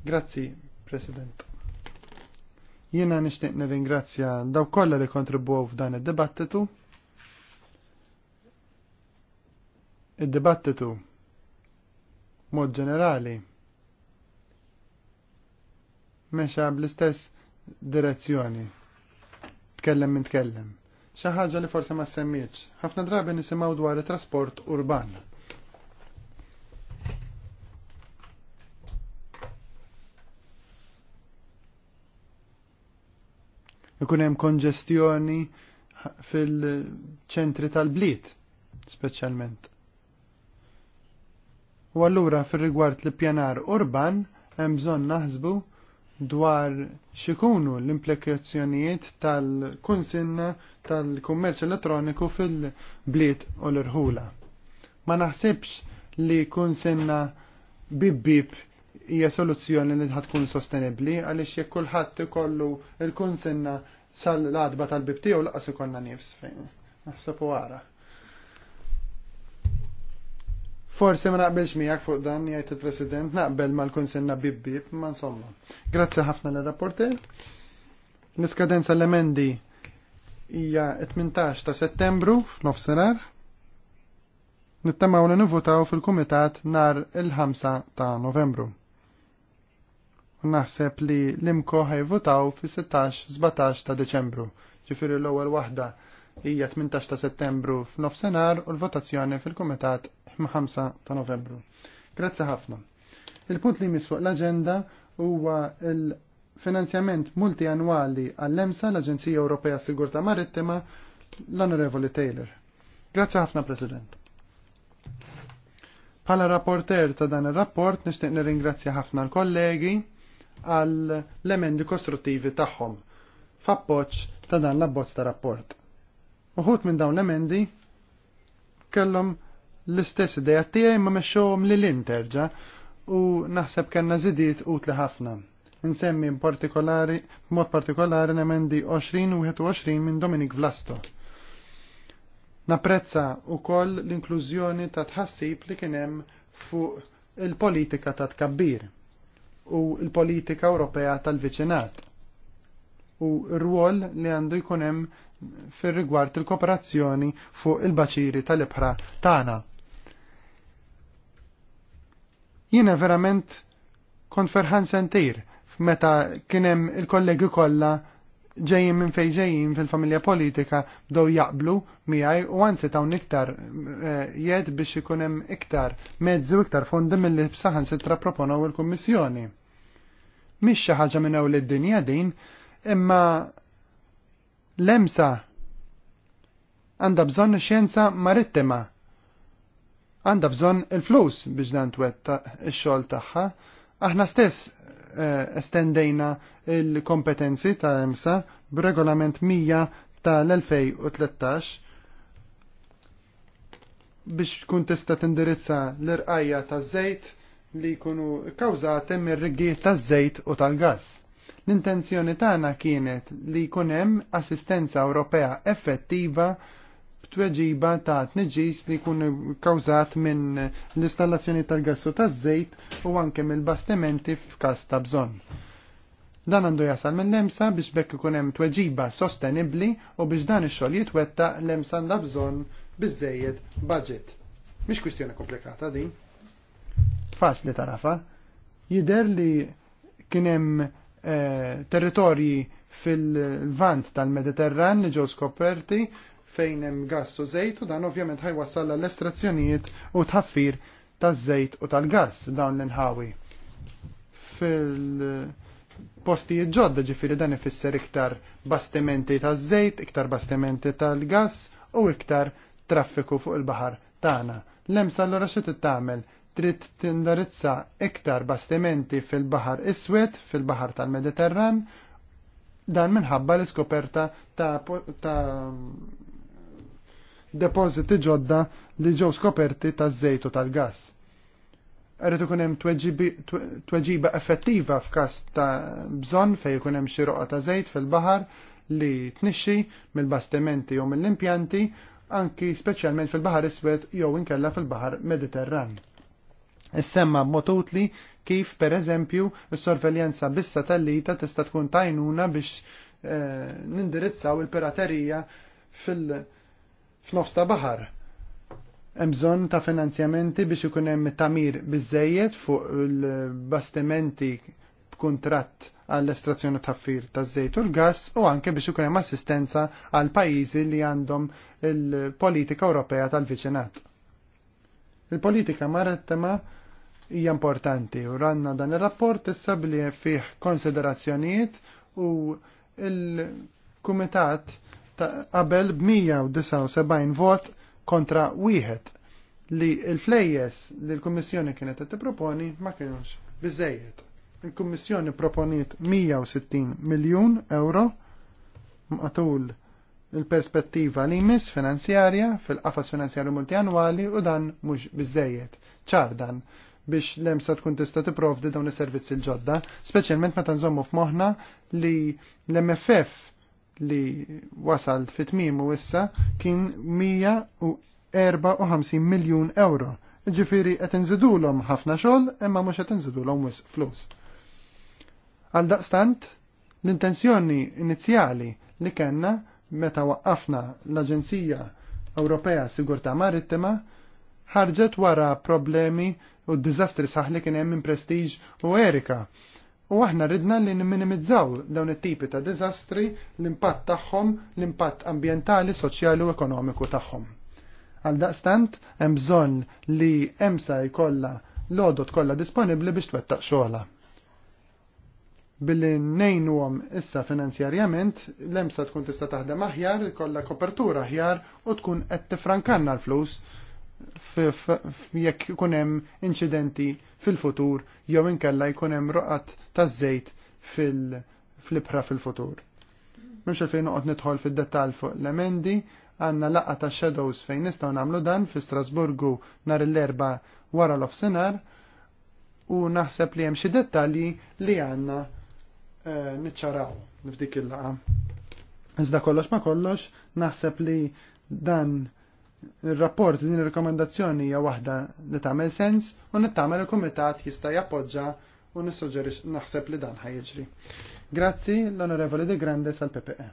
Grazzi, President. Jiena nixtieq ingrazzja daw kollha li kontribuw f'dan id-dibattitu. Id-dibattitu mod ġenerali meċa bl-istess direzzjoni. Tkellem minn tkellem. Xi ħaġa li forse ma semmietx. Ħafna drabi nisimgħu dwar trasport urban. Ikun hemm konġestjoni fil-ċentri tal-bliet, speċjalment. U allura fir-rigward l-pjanar urban hemm bżonn naħsbu dwar xikunu l-implikazzjonijiet tal-kunsinna tal-kummerċ elettroniku fil-bliet u l-irħula. Ma naħsibx li kunsinna bib-bib hija soluzzjoni li tkun sostenibbli għaliex jekk kulħadd ikollu l-kunsinna sal-adba tal-bib tiegħu laqas ikollna nifs fejn. Naħseb u għara. Forse ma naqbilx miegħek fuq dan jgħid il-President naqbel mal-Kunsenna bibbib ma insomma. Grazzi ħafna l rapporter L-iskadenza l-emendi hija 18 ta' Settembru f'nofsinhar. Nittamaw li nivvotaw fil-Kumitat nar il-5 ta' Novembru. U Naħseb li l-imko ħajvutaw fil-16-17 ta' Deċembru, ġifieri l-ewwel waħda hija 18 ta' Settembru f'nofsinhar u l-votazzjoni fil-Kumitat 5 ta' novembru. Grazzi ħafna. Il-punt li jmiss fuq l-agenda huwa il-finanzjament multianwali għall-EMSA l-Aġenzija Ewropea Sigurta Marittima l-Onorevoli Taylor. Grazzi ħafna, President. Pala rapporter ta' dan il-rapport nishtiq nirringrazzja ħafna l-kollegi għal l-emendi kostruttivi tagħhom f'appoġġ ta' dan l-abbozz ta' rapport. Uħut minn dawn l-emendi kellhom l-istess ideja tiegħi ma mexxuhom lil interġa u naħseb kellna żidiet utli ħafna. Insemmi partikolari, b'mod partikolari nemendi 20 u 21 minn Dominik Vlasto. Napprezza wkoll l-inklużjoni ta' tħassib li kien hemm fuq il-politika ta' tkabbir u l-politika Ewropea tal-viċinat u r ruol li għandu jkun hemm fir rigward il-kooperazzjoni fuq il-baċiri tal-ibħra tagħna. Jiena verament kont ferħan sentir meta kienem il-kollegi kollha ġejjin minn fej ġejjin fil-familja politika bdew jaqblu miegħi u anzi tawn iktar eh, jed biex ikun hemm iktar mezzi u iktar fondi mill-li b'saħan sitra il-Kummissjoni. Mhix xi ħaġa minn hawn id-dinja din, imma l-emsa għandha bżonn xjenza marittima għandha bżonn il-flus biex dan twetta il xogħol tagħha. Aħna stess eh, estendejna il-kompetenzi ta' EMSA b'regolament 100 tal-2013 biex tkun tista' tindirizza l-irqajja taż-żejt li jkunu kkawżati mir-riggijiet taż-żejt u tal-gass. L-intenzjoni tagħna kienet li jkun hemm assistenza Ewropea effettiva tweġiba ta' tniġis li kun kawzat minn l-installazzjoni tal-gassu taż-żejt u anke mill-bastimenti f'każ ta' bżonn. Dan għandu jasal minn lemsa biex bekk ikun hemm tweġiba sostenibbli u biex dan ix-xogħol jitwettaq lemsa għandha bżonn biżejjed budget. Mhix kwistjoni komplikata din. Faċli tarafa. Jider li kien hemm eh, territorji fil-vant tal-Mediterran li ġew skoperti fejn hemm gass u żejt u dan ovvjament ħajwassal l-estrazzjonijiet u tħaffir taż-żejt u tal-gass dawn l-inħawi. Fil-postijiet ġodda ġifieri dan ifisser iktar bastimenti taż-żejt, iktar bastimenti tal-gass u iktar traffiku fuq il-baħar tagħna. L-emsa allura xi tagħmel trid tindarizza iktar bastimenti fil-Baħar Iswed, fil-Baħar tal-Mediterran, dan minħabba l-iskoperta ta', ta depożiti ġodda li ġew skoperti taż-żejt u tal-gass. Rrid ikun hemm tweġiba effettiva f'każ ta' bżonn fejn ikun hemm xi roqgħa ta' żejt fil-baħar li tnixxi mill-bastimenti jew mill-impjanti anki speċjalment fil-Baħar Iswed jew inkella fil-Baħar Mediterran. Issemma motutli kif per eżempju s-sorveljanza bissa tal-lita tista' tkun tajnuna biex eh, nindirizzaw il-piraterija fil- f'nofs ta' baħar. Hemm bżonn ta' finanzjamenti biex ikun hemm tamir biżejjed fuq il-bastimenti b'kuntratt għall estrazzjoni taffir ta' żejt u l gass u anke biex ikun hemm assistenza għal pajjiżi li għandhom il-politika Ewropea tal-viċinat. Il-politika marittima hija importanti u ranna dan ir-rapport issa li fih konsiderazzjonijiet u il-kumitat qabel b-179 vot kontra wieħed li l-flejjes li l-Kummissjoni kienet qed tipproponi ma kienux biżejjed. Il-Kummissjoni proponiet 160 miljun euro matul il-perspettiva li jmiss finanzjarja fil-qafas finanzjarju multianwali u dan mhux biżejjed. ċar dan biex l-emsa tkun tista tipprovdi dawn is-servizzi l-ġodda, speċjalment meta nżommu f'moħħna li l-MFF li wasal fit u issa kien 154 miljun euro. Ġifiri qed inżidulhom ħafna xogħol imma mhux qed inżidulhom wis flus. Għal daqstant, l-intenzjoni inizjali li kellna meta waqqafna l-Aġenzija Ewropea Sigurtà Marittima ħarġet wara problemi u d-dizastri kien hemm prestiġ u Erika U aħna ridna li nimminimizzaw dawn it-tipi ta' dizastri l-impatt tagħhom, l-impatt ambjentali, soċjali u ekonomiku tagħhom. Għal daqstant, hemm bżonn li emsa jkollha l-għodot kollha disponibbli biex twettaq xogħla. Billi nejnuhom issa finanzjarjament, l-emsa tkun tista' taħdem aħjar, kollha kopertura aħjar u tkun qed tifrankanna l-flus jekk ikun hemm inċidenti fil-futur jew inkella jkun hemm roqat ta' żejt fil-ibħra fil-futur. Mhux fejn noqgħod nidħol fid-dettall fuq l-emendi, għandna laqgħa ta' shadows fejn nistgħu nagħmlu dan fi Strasburgu nhar l-erba' wara l-ofsinhar u naħseb li hemm xi dettalji li għandna eh, niċċaraw f'dik il-laqa. Iżda kollox ma kollox, naħseb li dan Il-rapport din il-rekomendazzjoni hija waħda li tagħmel sens u nittamel il-kumitat jista' jappoġġa u nissuġġerix naħseb li dan ħajġri. Grazzi l-Onorevoli De Grande sal-PPE.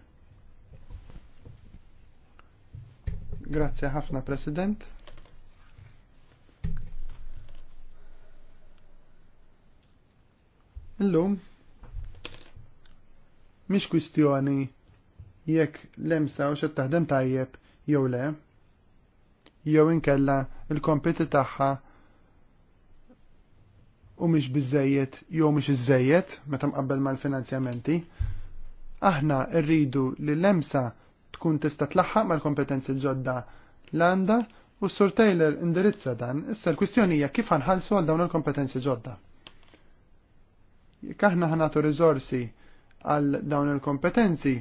Grazzi ħafna President. Illum mhix kwistjoni jekk l-emsa u xed taħdem tajjeb jew le jew inkella il kompeti tagħha u mhix biżejjed jew mhix iżejjed meta mqabbel mal-finanzjamenti. Aħna rridu li l-emsa tkun tista' tlaħħaq mal-kompetenzi ġodda l-għanda u s-Sur Taylor indirizza dan, issa l-kwistjoni hija kif ħanħalsu għal dawn il-kompetenzi ġodda. Jekk aħna ħanatu riżorsi għal dawn il-kompetenzi,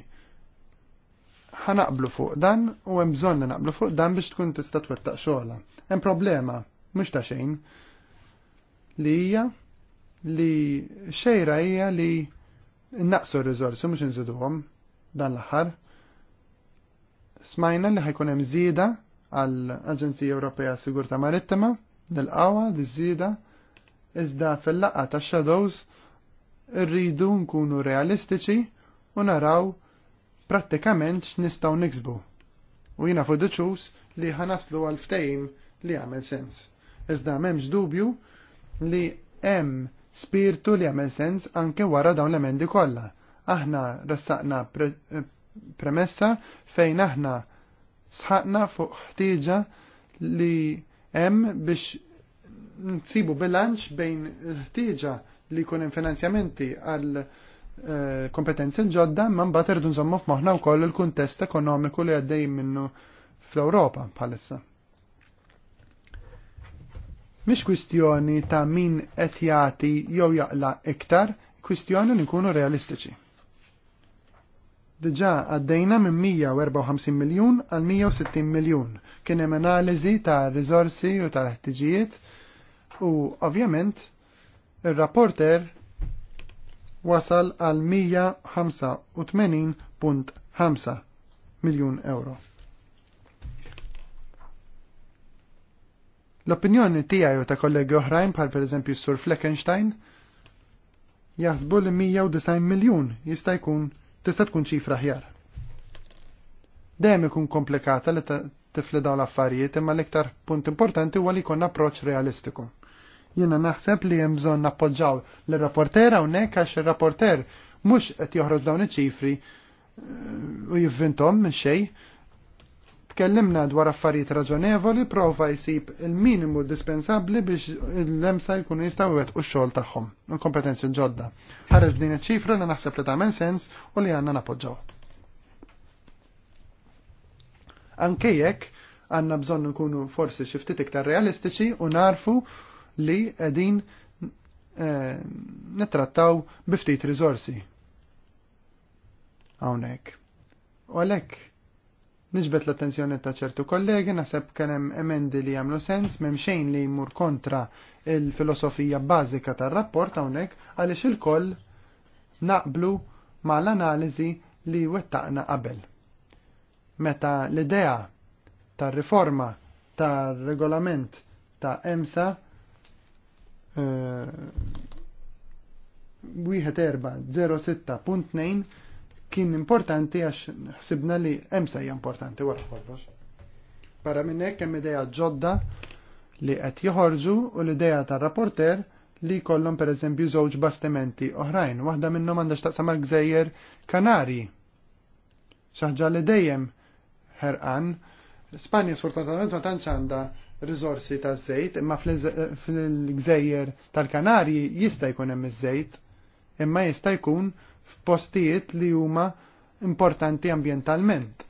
ħanaqblu fuq dan u hemm bżonn naqblu fuq dan biex tkun tista' twettaq xogħla. Hemm problema mhux ta' xejn li hija li xejra hija li naqsu r-riżorsi mhux inżiduhom dan l-aħħar. Smajna li ħajkun hemm żieda għall aġenzija Ewropea Sigurta Marittima nilqawa di żieda iżda fil-laqgħa tax-shadows irridu nkunu realistiċi u naraw prattikament x'nistgħu niksbu. U jiena fiduċuż li ħanaslu għal ftehim li għamel sens. Iżda m'hemmx dubju li hemm spirtu li għamel sens anke wara dawn l-emendi kollha. Aħna ressaqna pre eh, premessa fejn aħna sħaqna fuq ħtieġa li hemm biex nsibu bilanċ bejn ħtieġa li jkun hemm finanzjamenti għal Eh, kompetenzi ġodda man mbagħad irdu nżommu u wkoll il-kuntest ekonomiku li għaddej minnu fl-Ewropa bħalissa. Mhix kwistjoni ta' min qed jagħti jew jaqla iktar, kwistjoni li nkunu realistiċi. Diġà għaddejna minn 154 miljun għal 160 miljun. Kien hemm analiżi ta' rizorsi u tal ħtiġijiet u ovvjament ir-rapporter wasal għal 185.5 miljun euro. L-opinjoni tiegħi u ta' kollegi oħrajn bħal pereżempju s-Sur Fleckenstein jaħsbu li 190 miljun jista' jkun tista' tkun ċifra ħjar. Dejjem ikun komplikata li tifli dawn l-affarijiet imma l-iktar punt importanti huwa li jkun approċċ realistiku. Jiena naħseb li hemm bżonn nappoġġaw l-rapporter hawnhekk għax ir-rapporter mhux qed joħroġ dawn iċ-ċifri eh, u jivvintom minn xejn. Tkellimna dwar affarijiet raġonevoli prova jsib il-minimu dispensabbli biex l-emsa jkunu jistgħu u x-xogħol tagħhom, il-kompetenzi ġodda. Ħareġ b'din iċ-ċifra li naħseb li tagħmel sens u li għandna nappoġġaw. Anke jekk għandna bżonn nkunu forsi xi ftit iktar realistiċi u narfu li qegħdin eh, nittrattaw biftit rizorsi. Hawnhekk. U għalhekk Nġbet l-attenzjoni ta' ċertu kollegi, nasab hemm emendi li għamlu sens, m'hemm xejn li jmur kontra il-filosofija bażika tar rapport hawnhekk għaliex il-koll naqblu mal l-analiżi li wettaqna qabel. Meta l-idea tar riforma tar regolament ta' EMSA wieħed 06.2 kien importanti għax ħsibna li emsa hija importanti wara kollox. Barra minn hekk hemm idea ġodda li qed joħorġu u l-idea tar-rapporter li kollhom pereżempju żewġ bastimenti oħrajn, waħda minnhom għandha taqsam għal gżejjer Kanarji. Xaħġa li dejjem ħerqan, Spanja sfortunatament ma tantx għandha rizorsi ta' żejt, imma fil-gżejjer tal-Kanarji jista' jkun hemm iż-żejt, imma jista' jkun f'postijiet li huma importanti ambjentalment.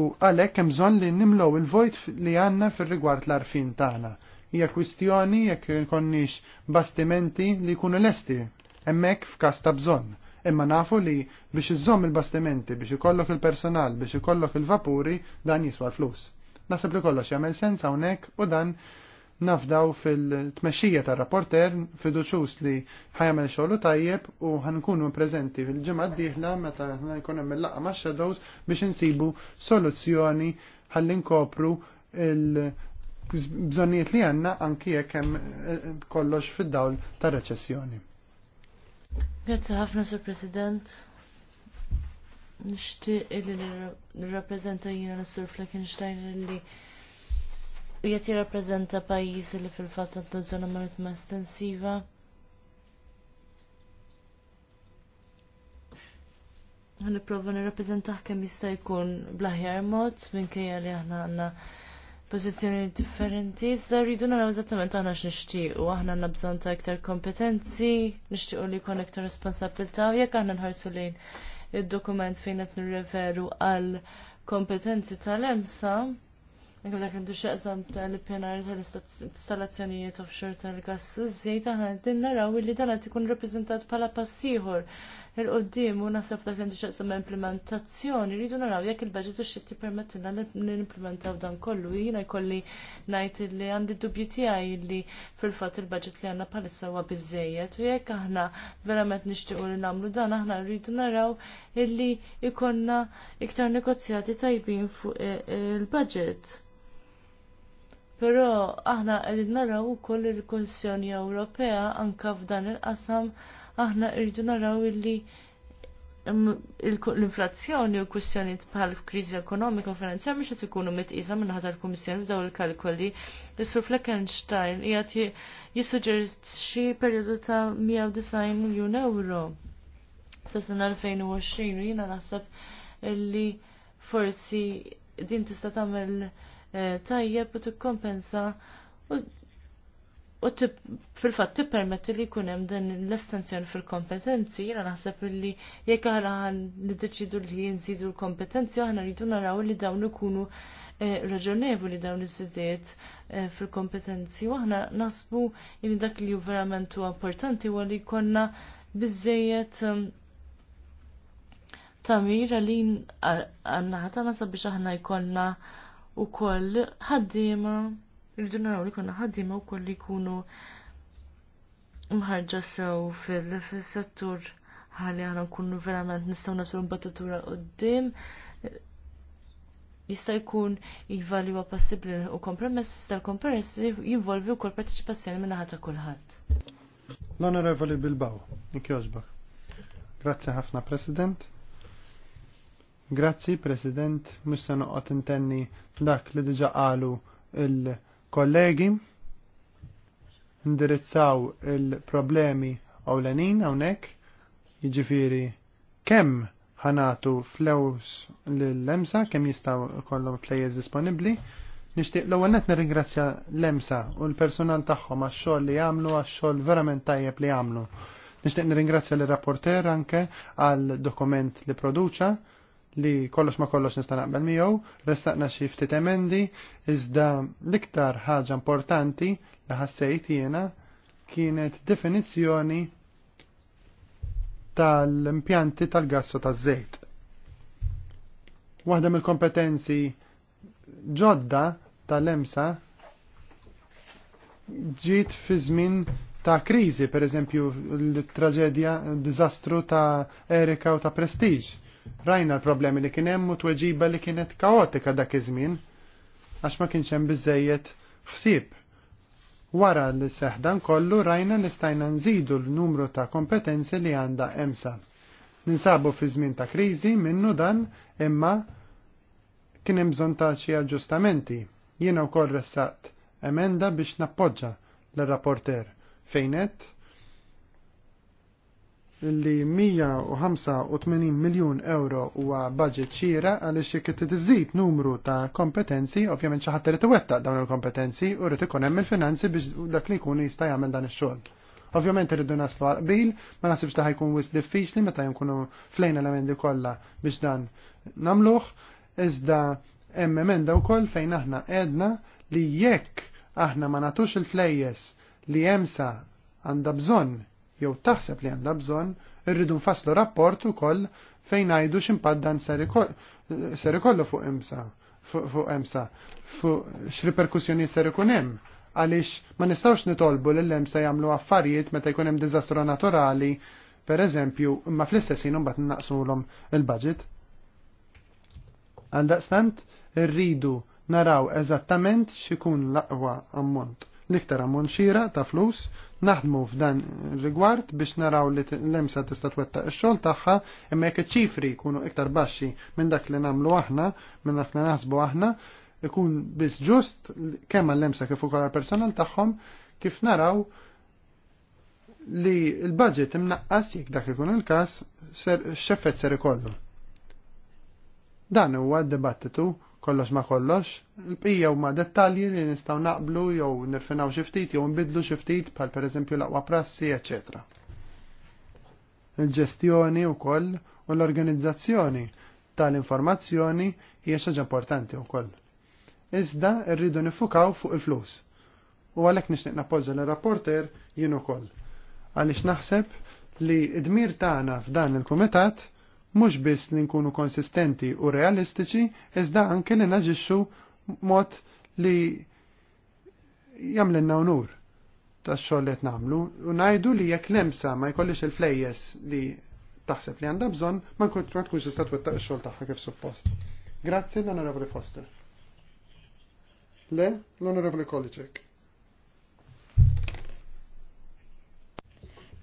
U għalhekk hemm bżonn li nimlow il-vojt li għandna fir-rigward l-arfin tagħna hija kwistjoni jekk ikonniex bastimenti li jkunu lesti, hemmhekk f'każ ta' bżonn. Imma nafu li biex iżomm il-bastimenti, biex ikollok il-personal, biex ikollok il-vapuri, dan jiswa l-flus. Nasib li kollox jagħmel sens hawnhekk u dan nafdaw fil-tmexxija tar rapporter fiduċus li ħajamel xogħlu tajjeb u ħankunu preżenti fil-ġimgħa d-dieħla meta jkun hemm il-laqgħa max-shadows biex insibu soluzzjoni ħalli nkopru il- bżonniet li għanna anki jekk hemm eh, kollox fid-dawl tar-reċessjoni. Grazzi ħafna, Sur President nishtiq li nirrapprezenta jina l-Sur Fleckenstein li jgħet jirrapprezenta pajis li fil-fat għaddu zona maritma estensiva. Għaniprofa nirrapprezentaħ kemm jista' jkun blaħjar mod minkejja li aħna għandna pozizjoni differenti, iżda rridu naraw eżattament aħna x'nixtiequ, aħna għandna bżonn ta' iktar kompetenzi, nixtiequ li jkun iktar responsabilità, jekk aħna nħarsu lejn il-dokument fejn qed nirreferu għal kompetenzi tal-EMSA. Għu dak għandu xaqsam tal-pjanar tal-installazzjonijiet offshore tal-gas, zjej taħna din naraw li dan għad ikun rappresentat pala passiħor il-qoddim u nasab dak li xaqsam implementazzjoni, rridu naraw jekk il-budget u xitti permettina l-implementaw dan kollu. Jina jkolli najt li għandi dubju tiegħi li fil-fatt il-budget li għandna bħalissa għu biżejjed u jekk aħna verament nixtiequ li nagħmlu dan aħna rridu naraw illi ikonna iktar negozjati tajbin fuq il-budget. Pero aħna għedin naraw ukoll il-Kummissjoni Ewropea anka f'dan il-qasam aħna rridu naraw illi l-inflazzjoni u kwistjoni bħal kriżi ekonomika u finanzjarja mhux qed ikunu mitqisa minn tal kummissjoni f'daw il-kalkoli li sur Fleckenstein qiegħed jissuġġerixxi perjodu ta' 190 miljun euro sa' sena 2020 u jiena naħseb li forsi din tista' tagħmel eh, tajjeb u tikkompensa u fil-fat tippermetti li jkun hemm din l-estensjoni fil-kompetenzi, jiena naħseb li jekk aħna niddeċidu li jinżidu l-kompetenzi aħna rridu naraw li dawn ikunu eh, raġonevoli dawn iż zidiet eh, fil-kompetenzi u aħna nasbu li dak li verament huwa importanti huwa li jkollna bizzejiet eh, tamir li għanna ħatana sabiex aħna jkollna u koll ħaddiema Irridu naraw li konna ħaddiema wkoll li jkunu mħarġa sew fil-settur ħalli għana nkunu verament nistgħu nagħtu l-imbattatura qoddim. Jista' jkun iva li possibbli u kompromess tal kompromess jinvolvi wkoll partecipazzjoni minn ħadd ta' kulħadd. L-Onorevoli Bilbao, ikjożbak. Grazzi ħafna President. Grazzi President, mhux se noqgħod intenni dak li diġà għalu il- kollegi indirizzaw il-problemi għawlenin għawnek jiġifiri kemm ħanatu flows l-lemsa, kemm jistaw kollu players disponibli. Nishtiq l-ewwel net nirringrazzja l-emsa u l-personal tagħhom għax-xogħol li għamlu għax-xogħol verament tajjeb li għamlu. Nishtiq nirringrazzja l-rapporter anke għal dokument li produċa li kollox ma kollox nista' naqbel miegħu, restaqna xi ftit emendi, iżda l-iktar ħaġa importanti li ħassejt jiena kienet definizzjoni tal-impjanti tal-gass u taż-żejt. Waħda mill-kompetenzi ġodda tal-emsa ġiet fi żmien ta' kriżi, pereżempju l-traġedja, l-diżastru ta' Erika u ta' Prestige Rajna l-problemi li kien hemm u tweġiba li kienet kaotika dak iż-żmien għax ma kienx hemm biżejjed ħsieb. Wara li seħdan kollu rajna nistajna nżidu l-numru ta' kompetenzi li għandha EMSA. Ninsabu fi żmien ta' kriżi minnu dan imma kien hemm bżonn ta' xi aġġustamenti. Jiena wkoll ressaqt emenda biex nappoġġa l-rapporter fejnet li 185 miljon euro huwa budget xira għaliex jekk tiżid numru ta' kompetenzi, ovvjament xi ħadd irid iwettaq dawn il-kompetenzi u rid ikun hemm il-finanzi biex dak li jkun jista' jagħmel dan ix-xogħol. Ovvjament irridu naslu għalqbil, qbil, ma nasibx ta' ħajkun wis diffiċli meta jkunu flejn elementi kollha biex dan nagħmluh, iżda hemm emenda wkoll fejn aħna qedna li jekk aħna ma nagħtux il-flejjes li jemsa għandha bżonn jew taħseb li għandha bżonn, irridu nfasslu rapport ukoll fejn ngħidu x'impatt ser ikollu fuq imsa fuq emsa, fuq x'riperkussjonijiet ser ikun hemm għaliex ma nistgħux nitolbu lil emsa jagħmlu affarijiet meta jkun hemm diżastru naturali, pereżempju, imma fl-istess ħin mbagħad naqsulhom il-budget. Għaldaqstant irridu naraw eżattament x'ikun l-aqwa ammont, l-iktar ammont xira ta' flus Naħdmu f'dan rigward biex naraw li l-emsa tista' twettaq ix-xogħol tagħha imma jekk iċ-ċifri jkunu iktar baxxi minn dak li nagħmlu aħna, minn dak li naħsbu aħna, ikun biss ġust kemm l emsa kif ukoll personal tagħhom kif naraw li l-budget imnaqqas jekk dak ikun il-każ x'effett ser ikollu. Dan huwa d-dibattitu kollox ma kollox, l-bqija ma dettalji li nistgħu naqblu jew nirfinaw xi ftit jew nbidlu xi ftit bħal pereżempju l-aqwa prassi, ecc. Il-ġestjoni wkoll u l-organizzazzjoni tal-informazzjoni hija xaġa importanti wkoll. Iżda rridu nifukaw fuq il-flus. U għalhekk nixtieq nappoġġa l-rapporter jien ukoll. Għaliex naħseb li d dmir tagħna f'dan il-kumitat mhux biss li nkunu konsistenti u realistiċi, iżda anke li naġixxu mod li jagħmlilna unur tax-xogħol li qed nagħmlu u ngħidu li jekk lemsa ma jkollix il-flejjes li taħseb li għandha bżonn ma tkunx tista' twettaq ix-xogħol tagħha kif suppost. Grazzi l-Onorevoli Foster. Le, l-Onorevoli Kolicek.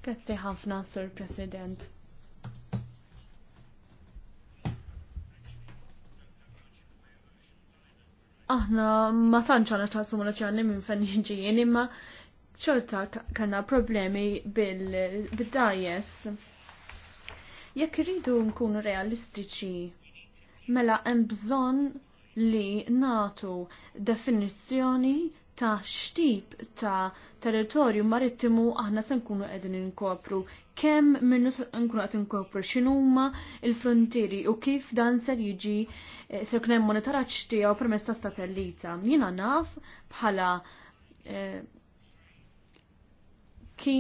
Grazzi ħafna, Sir President. aħna ma tanċana ċaslu ma ċanni minn fenniġin imma ċorta kanna problemi bil-dajes. Jekk irridu nkunu realistiċi, mela hemm bżonn li natu definizzjoni ta' xtip ta' territorju marittimu aħna se nkunu qegħdin inkopru kemm minnu nkunu qed inkopru x'inhuma l frontieri u kif dan ser jiġi eh, se jkun hemm monitoraġġ tiegħu permezz ta' satellita. Jiena naf bħala eh, ki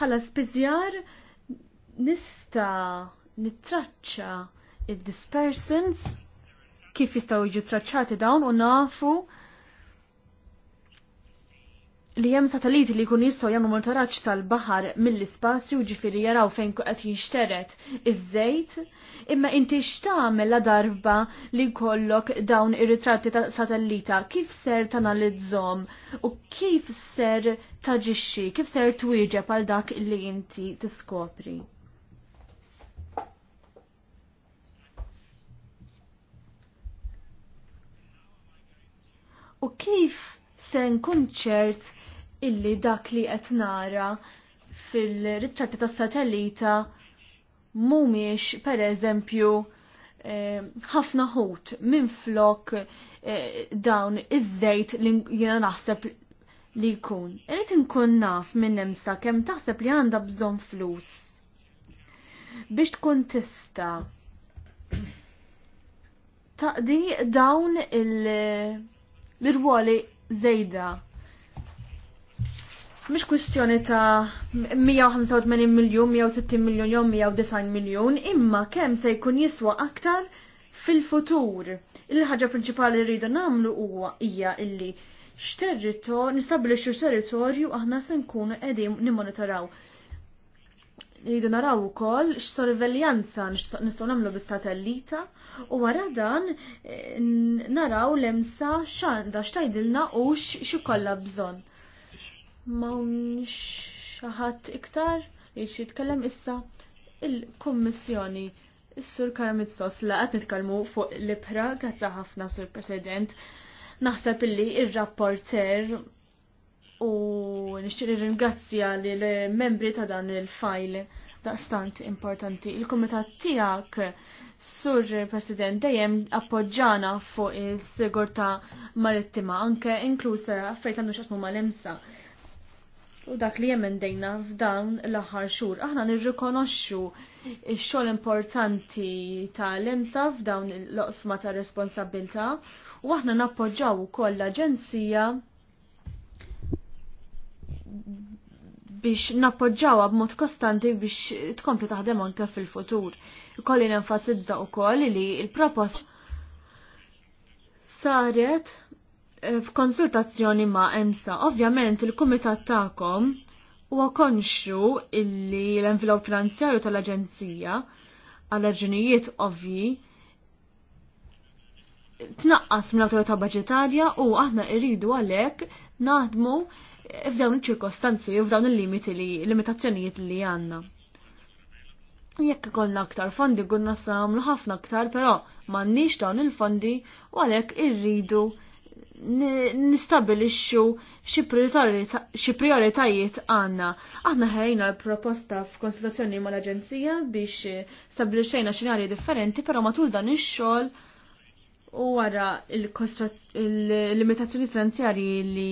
bħala spiżjar nista' nittraċċa id-dispersants kif jistgħu jiġu traċċati dawn u nafu li hemm satelliti li jkun jistgħu jagħmlu monitoraġġ tal-baħar mill-ispazju ġifiri jaraw fejn qed jinxteret iż-żejt, imma inti x'tagħmel la darba li jkollok dawn ir-ritratti ta' satellita, kif ser tanalizzom u kif ser taġixxi, kif ser twieġeb għal dak li inti tiskopri. u kif se nkun ċert illi dak li qed nara fil-ritratti tas satellita mumiex per eżempju eh, ħafna eh, ħut minn flok eh, dawn iż-żejt li jiena naħseb li jkun. Irrid inkun naf minn nemsa kemm taħseb li għandha bżonn flus biex tkun tista' taqdi dawn il- l-irwoli zejda. Mhix kwistjoni ta' 185 miljun, 160 miljun 190 miljun, imma kemm se jkun jiswa aktar fil-futur. Il-ħaġa prinċipali li rridu nagħmlu huwa hija illi x'territor nistabbilixxu territorju aħna se nkunu qegħdin nimmonitoraw Rridu naraw ukoll x'sorveljanza nistgħu nagħmlu bis-satellita u wara dan eh, naraw l-emsa x'għandha x'tajdilna u x'ikollha bżonn. M'hawnx xi ħadd iktar li jitkellem issa il-Kummissjoni Is-Sur Karamit Sosla qed nitkellmu fuq l-ibħra, grazza ħafna Sur President. Naħseb illi il rapporter il u nixtieq ringrazzja lil membri ta' dan il-file daqstant importanti. Il-komitat tiegħek Sur President dejjem appoġġana fuq il-sigurta marittima anke inklusa affarijiet għandu xasmu mal-emsa. U dak li jemmen dejna f'dan l-aħħar xhur. Aħna nirrikonoxxu x-xogħol importanti ta' l-emsa f'dawn l-oqsma ta' responsabilta' u aħna nappoġġaw ukoll l-Aġenzija biex nappoġġawha b'mod kostanti biex tkompli taħdem anke fil-futur. Kolli nenfasizza wkoll li l-propost saret f'konsultazzjoni ma' EMSA. Ovvjament il-kumitat tagħkom huwa konxu illi l-envelop finanzjarju tal-Aġenzija għal raġunijiet ovvji tnaqqas mill-autorità budġetarja u aħna irridu għalhekk naħdmu f'dawn iċ-ċirkostanzi u f'dawn il-limiti li limitazzjonijiet li għandna. Jekk ikollna aktar fondi kun nagħmlu ħafna aktar, però m'għandniex dawn il-fondi u għalhekk irridu nistabilixxu xi prioritajiet għandna. Aħna ħejna l-proposta f'konsultazzjoni mal-Aġenzija biex stabilixxejna xinarji differenti, però matul dan ix-xogħol u wara il-limitazzjoni finanzjari li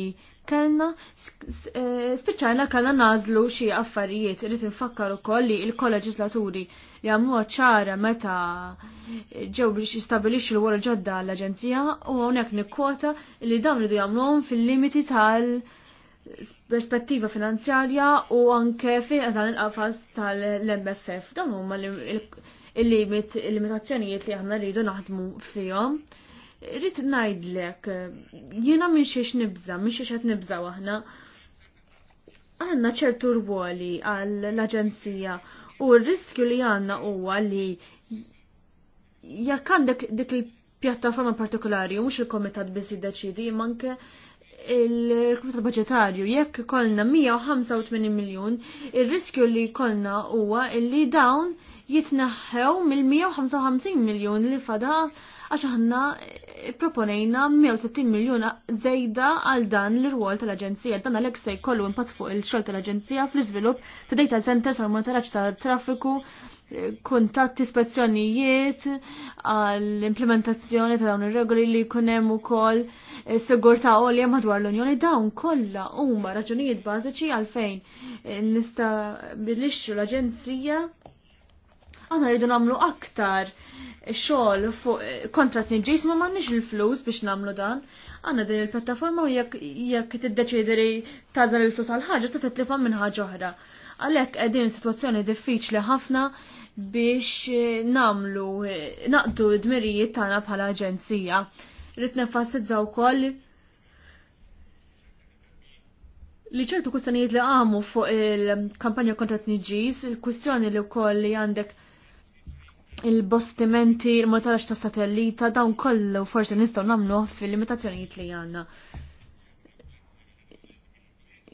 kellna eh, spiċċajna kellna nażlu xi affarijiet irid infakkar ukoll li l-kolleġislaturi jagħmluha ċara meta ġew biex jistabilix l-wara ġodda l-Aġenzija u hawnhekk nikkwota li dawn iridu jagħmluhom fil-limiti tal perspettiva finanzjarja u anke fi dan il-qafas tal-MFF. Dawn huma il-limitazzjonijiet li aħna rridu naħdmu fihom. Rrid ngħidlek, jiena minn xiex nibża, minn xiex qed nibża aħna. Għanna ċertu rwoli għall-aġenzija u r-riskju li għanna huwa li jekk għandek dik il-pjattaforma partikolari u mhux il-komitat biss jiddeċidi, manke il kruta budgetarju jekk kolna 185 miljon, il-riskju li kolna huwa illi dawn jitnaħħew mill-155 miljon li fada għax aħna proponejna 160 miljon zejda għal dan l-rwol tal-Aġenzija. Dan għalhekk se jkollu impatt fuq il-xogħol tal-Aġenzija fl-iżvilupp ta' data centers għal monitoraġġ tal-traffiku kuntatt ispezzjonijiet għall-implementazzjoni ta' dawn ir-regoli li jkun hemm ukoll eh, sigurtà għolja madwar l-Unjoni dawn kollha huma raġunijiet bażiċi għalfejn eh, nistabilixxu l-Aġenzija aħna rridu nagħmlu aktar xogħol fuq eh, kontrat nġis ma m'għandniex il-flus biex nagħmlu dan. Għandna din il-pjattaforma u jekk tiddeċidi li tażel il-flus għal ħaġa sta titlifha minn ħaġa oħra Għalhekk qegħdin situazzjoni diffiċli ħafna biex eh, namlu eh, naqdu d-dmirijiet tagħna bħala aġenzija. Rrid nefassizza wkoll li ċertu kustanijiet li għamu fuq il-kampanja kontra t-nġis, il-kustjoni li wkoll li għandek il-bostimenti, il motorax ta' satellita, dawn kollu forse nistaw namlu fil-limitazzjonijiet li għanna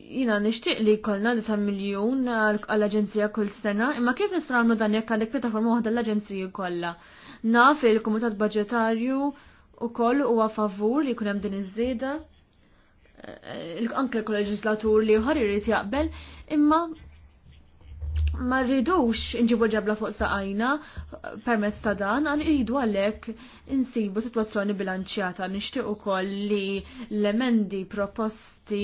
jina nishtiq li kolna 9 miljon għall-Aġenzija kull sena, imma kif nistramlu dan jekk għandek pjattaforma waħda l-Aġenzija kollha. Naf il-Kumitat budgetarju u koll u favur li kunem din iż-żieda, eh, anke kol leġislatur li uħar jrid jaqbel, imma ma rridux nġibu ġabla fuq saqajna eh, permezz ta' dan, għan iridu għalek insibu situazzjoni bilanċjata. Nishtiqu koll li l-emendi proposti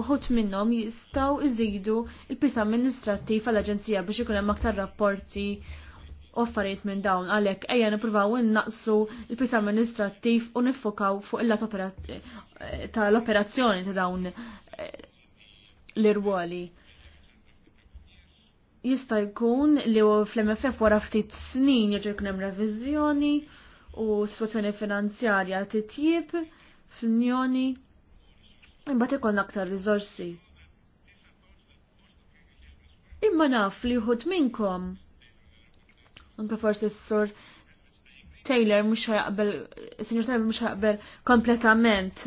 uħut minnom jistaw iżidu il pisa amministrattiv għal-Aġenzija biex ikun hemm aktar rapporti offarijiet minn dawn għalek ejja nipruvaw innaqsu il pisa amministrattiv u nifokaw fuq il-lat eh, tal-operazzjoni ta' dawn eh, l-irwoli jista' jkun li fl-MFF wara ftit snin jiġu jkun hemm reviżjoni u situazzjoni finanzjarja titjib fl-Unjoni imbagħad ikollna aktar riżorsi. Imma naf li wħud minnkom anke forsi s-sur Taylor mhux ħajaqbel, Sinjur Taylor mhux jaqbel kompletament.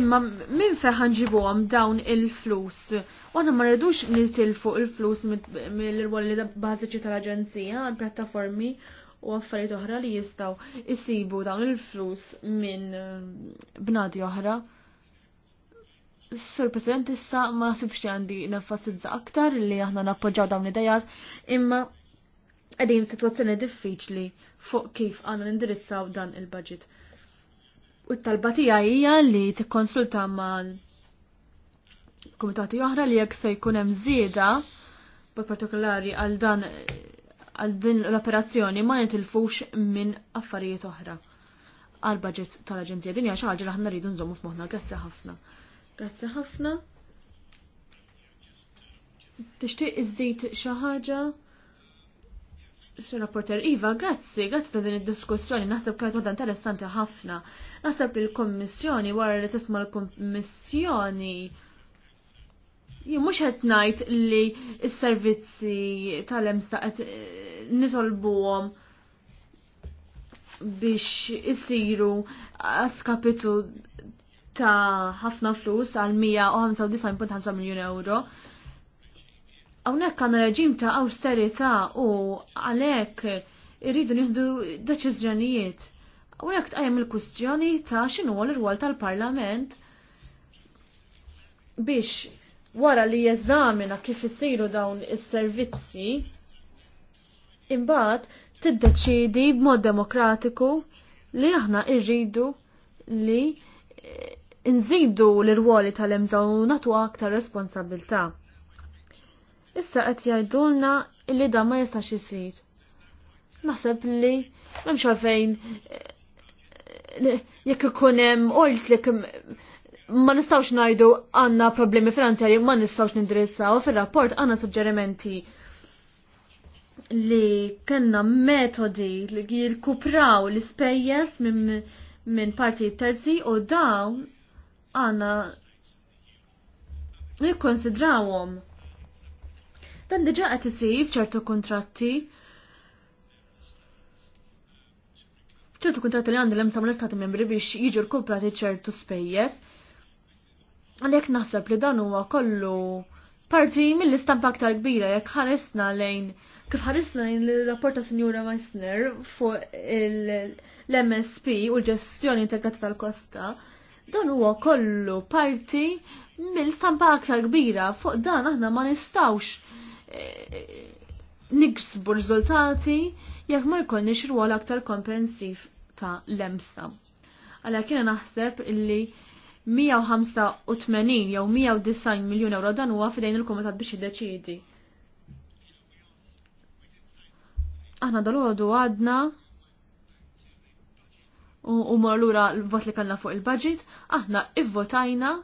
Imma minn feħan għam dawn il-flus. U għanna ma rridux tilfu il-flus mill-rwol li bażiċi tal-aġenzija, għal pjattaformi u affarijiet oħra li jistaw isibu dawn il-flus minn eh, bnadi oħra. Sur President issa ma nasibx għandi nenfasizza aktar li aħna nappoġġaw dawn id-dejjat imma qegħdin situazzjoni diffiċli fuq kif għandna nindirizzaw dan il-budget. U t-talba hija li tikkonsulta mal komitati oħra li jekk se jkun hemm żieda partikolari għal dan għal din l-operazzjoni ma nitilfux minn affarijiet oħra. Għal budget tal-Aġenzija Dinja xi ħaġa aħna rridu nżommu f'moħħna. Grazzi ħafna. Grazzi ħafna. Tixtieq iżżid xi ħaġa? Sir Rapporter Iva, grazzi, grazzi ta' din id-diskussjoni, naħseb kienet wadan interessanti ħafna. Naħseb li l-Kommissjoni wara li tisma' l-Kommissjoni jien mhux qed ngħid li s-servizzi tal-emsa qed eh, nitolbuhom biex isiru skapitu ta' ħafna flus għal 195.5 miljun euro Hawnhekk għandna reġim ta' austerita u għalhekk irridu nieħdu deċiżjonijiet. Hawnhekk tqajjem il-kwistjoni ta' x'inhu l-irwol tal-Parlament biex wara li jeżamina kif isiru dawn is-servizzi imbagħad tiddeċidi b'mod demokratiku li aħna irridu li nżidu l-irwoli tal-emżaw natu aktar responsabilta' issa qed jgħidulna li dan ma jistax isir. Naħseb li m'hemmx għalfejn eh, eh, jekk ikun hemm qolt li ma nistgħux ngħidu għandna problemi finanzjarji ma nistgħux nindirizzaw fir-rapport għandna suġġerimenti li kanna metodi li jirkupraw l-ispejjeż minn min parti terzi u dawn għanna nikkonsidrawhom Dan diġa qed isir f'ċertu kuntratti. ċertu kuntratti li għandhom sa' l-istati membri biex jiġu rkuprati ċertu spejjeż. Għalhekk naħseb li dan huwa kollu parti mill-istampa aktar kbira jekk ħaresna lejn kif ħaresna lejn l-rapport ta' Sinjura Meissner fuq l-MSP u l-ġestjoni integrata tal-kosta, dan huwa kollu parti mill-stampa aktar kbira fuq dan aħna ma nistawx niksbu riżultati jekk ma jkollniex rwol aktar komprensiv ta' lemsa. Għalhekk kiena naħseb illi 185 jew 190 miljun euro dan huwa fidejn il-komitat biex jiddeċiedi. Aħna dal-għodu għadna u marlura l-vot li kanna fuq il-budget, aħna ivvotajna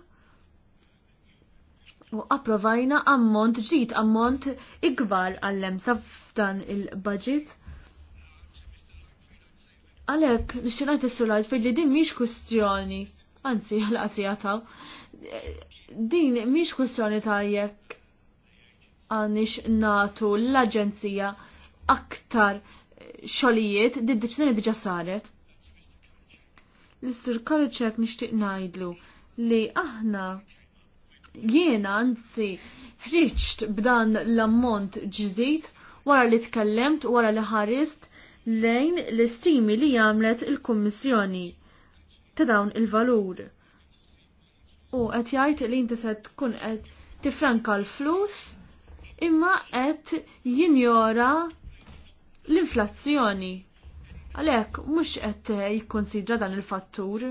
u approvajna ammont ġit ammont ikbar għallem emsa f'dan il-budget. Għalek, nixxinajt il-sulajt fejn li din miex kustjoni, anzi, għal qasija din miex kustjoni ta' jekk għanix natu l-agenzija aktar xolijiet, di d-deċizjoni diġa saret. L-istur Karicek nishtiq najdlu li aħna Jiena anzi ħriġt b'dan l-ammont ġdid wara li tkellemt wara li ħarist lejn l-istimi li għamlet il-Kummissjoni ta' dawn il-valur. U qed jgħid li inti se tkun qed tifranka l-flus imma qed jinjora l-inflazzjoni. Għalhekk mhux qed jikkonsidra dan il-fattur.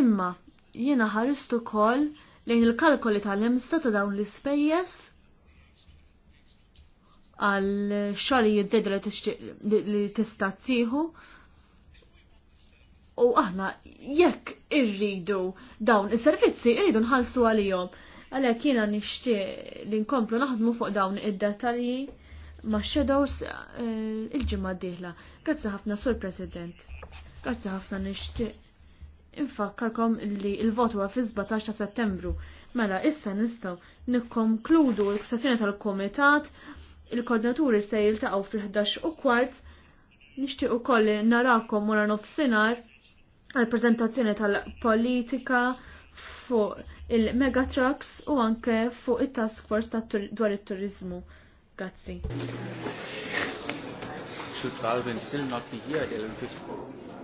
Imma jiena ħaristu kol lejn il-kalkoli tal-imsta ta' dawn l-ispejjeż għal xali jiddedra li tista' tieħu. U aħna jekk irridu dawn is-servizzi irridu nħallsu għalihom. Għalhekk jiena nixtieq li nkomplu naħdmu fuq dawn id-dettalji ma' shadows eh, il-ġimgħa d-dieħla. Grazzi ħafna, Sur President. Grazzi ħafna nixtieq infakkarkom li il-votu huwa fi 17 ta' Settembru. Mela issa nistgħu nikkonkludu l-sessjoni tal-Komitat, il-koordinaturi se jiltaqgħu fil-11 u kwart. Nixtieq ukoll narakom mura nofsinar għall-preżentazzjoni tal-politika fuq il-megatrucks u anke fuq it-task force ta' dwar it-turizmu. Grazzi. Should Alvin still not be here at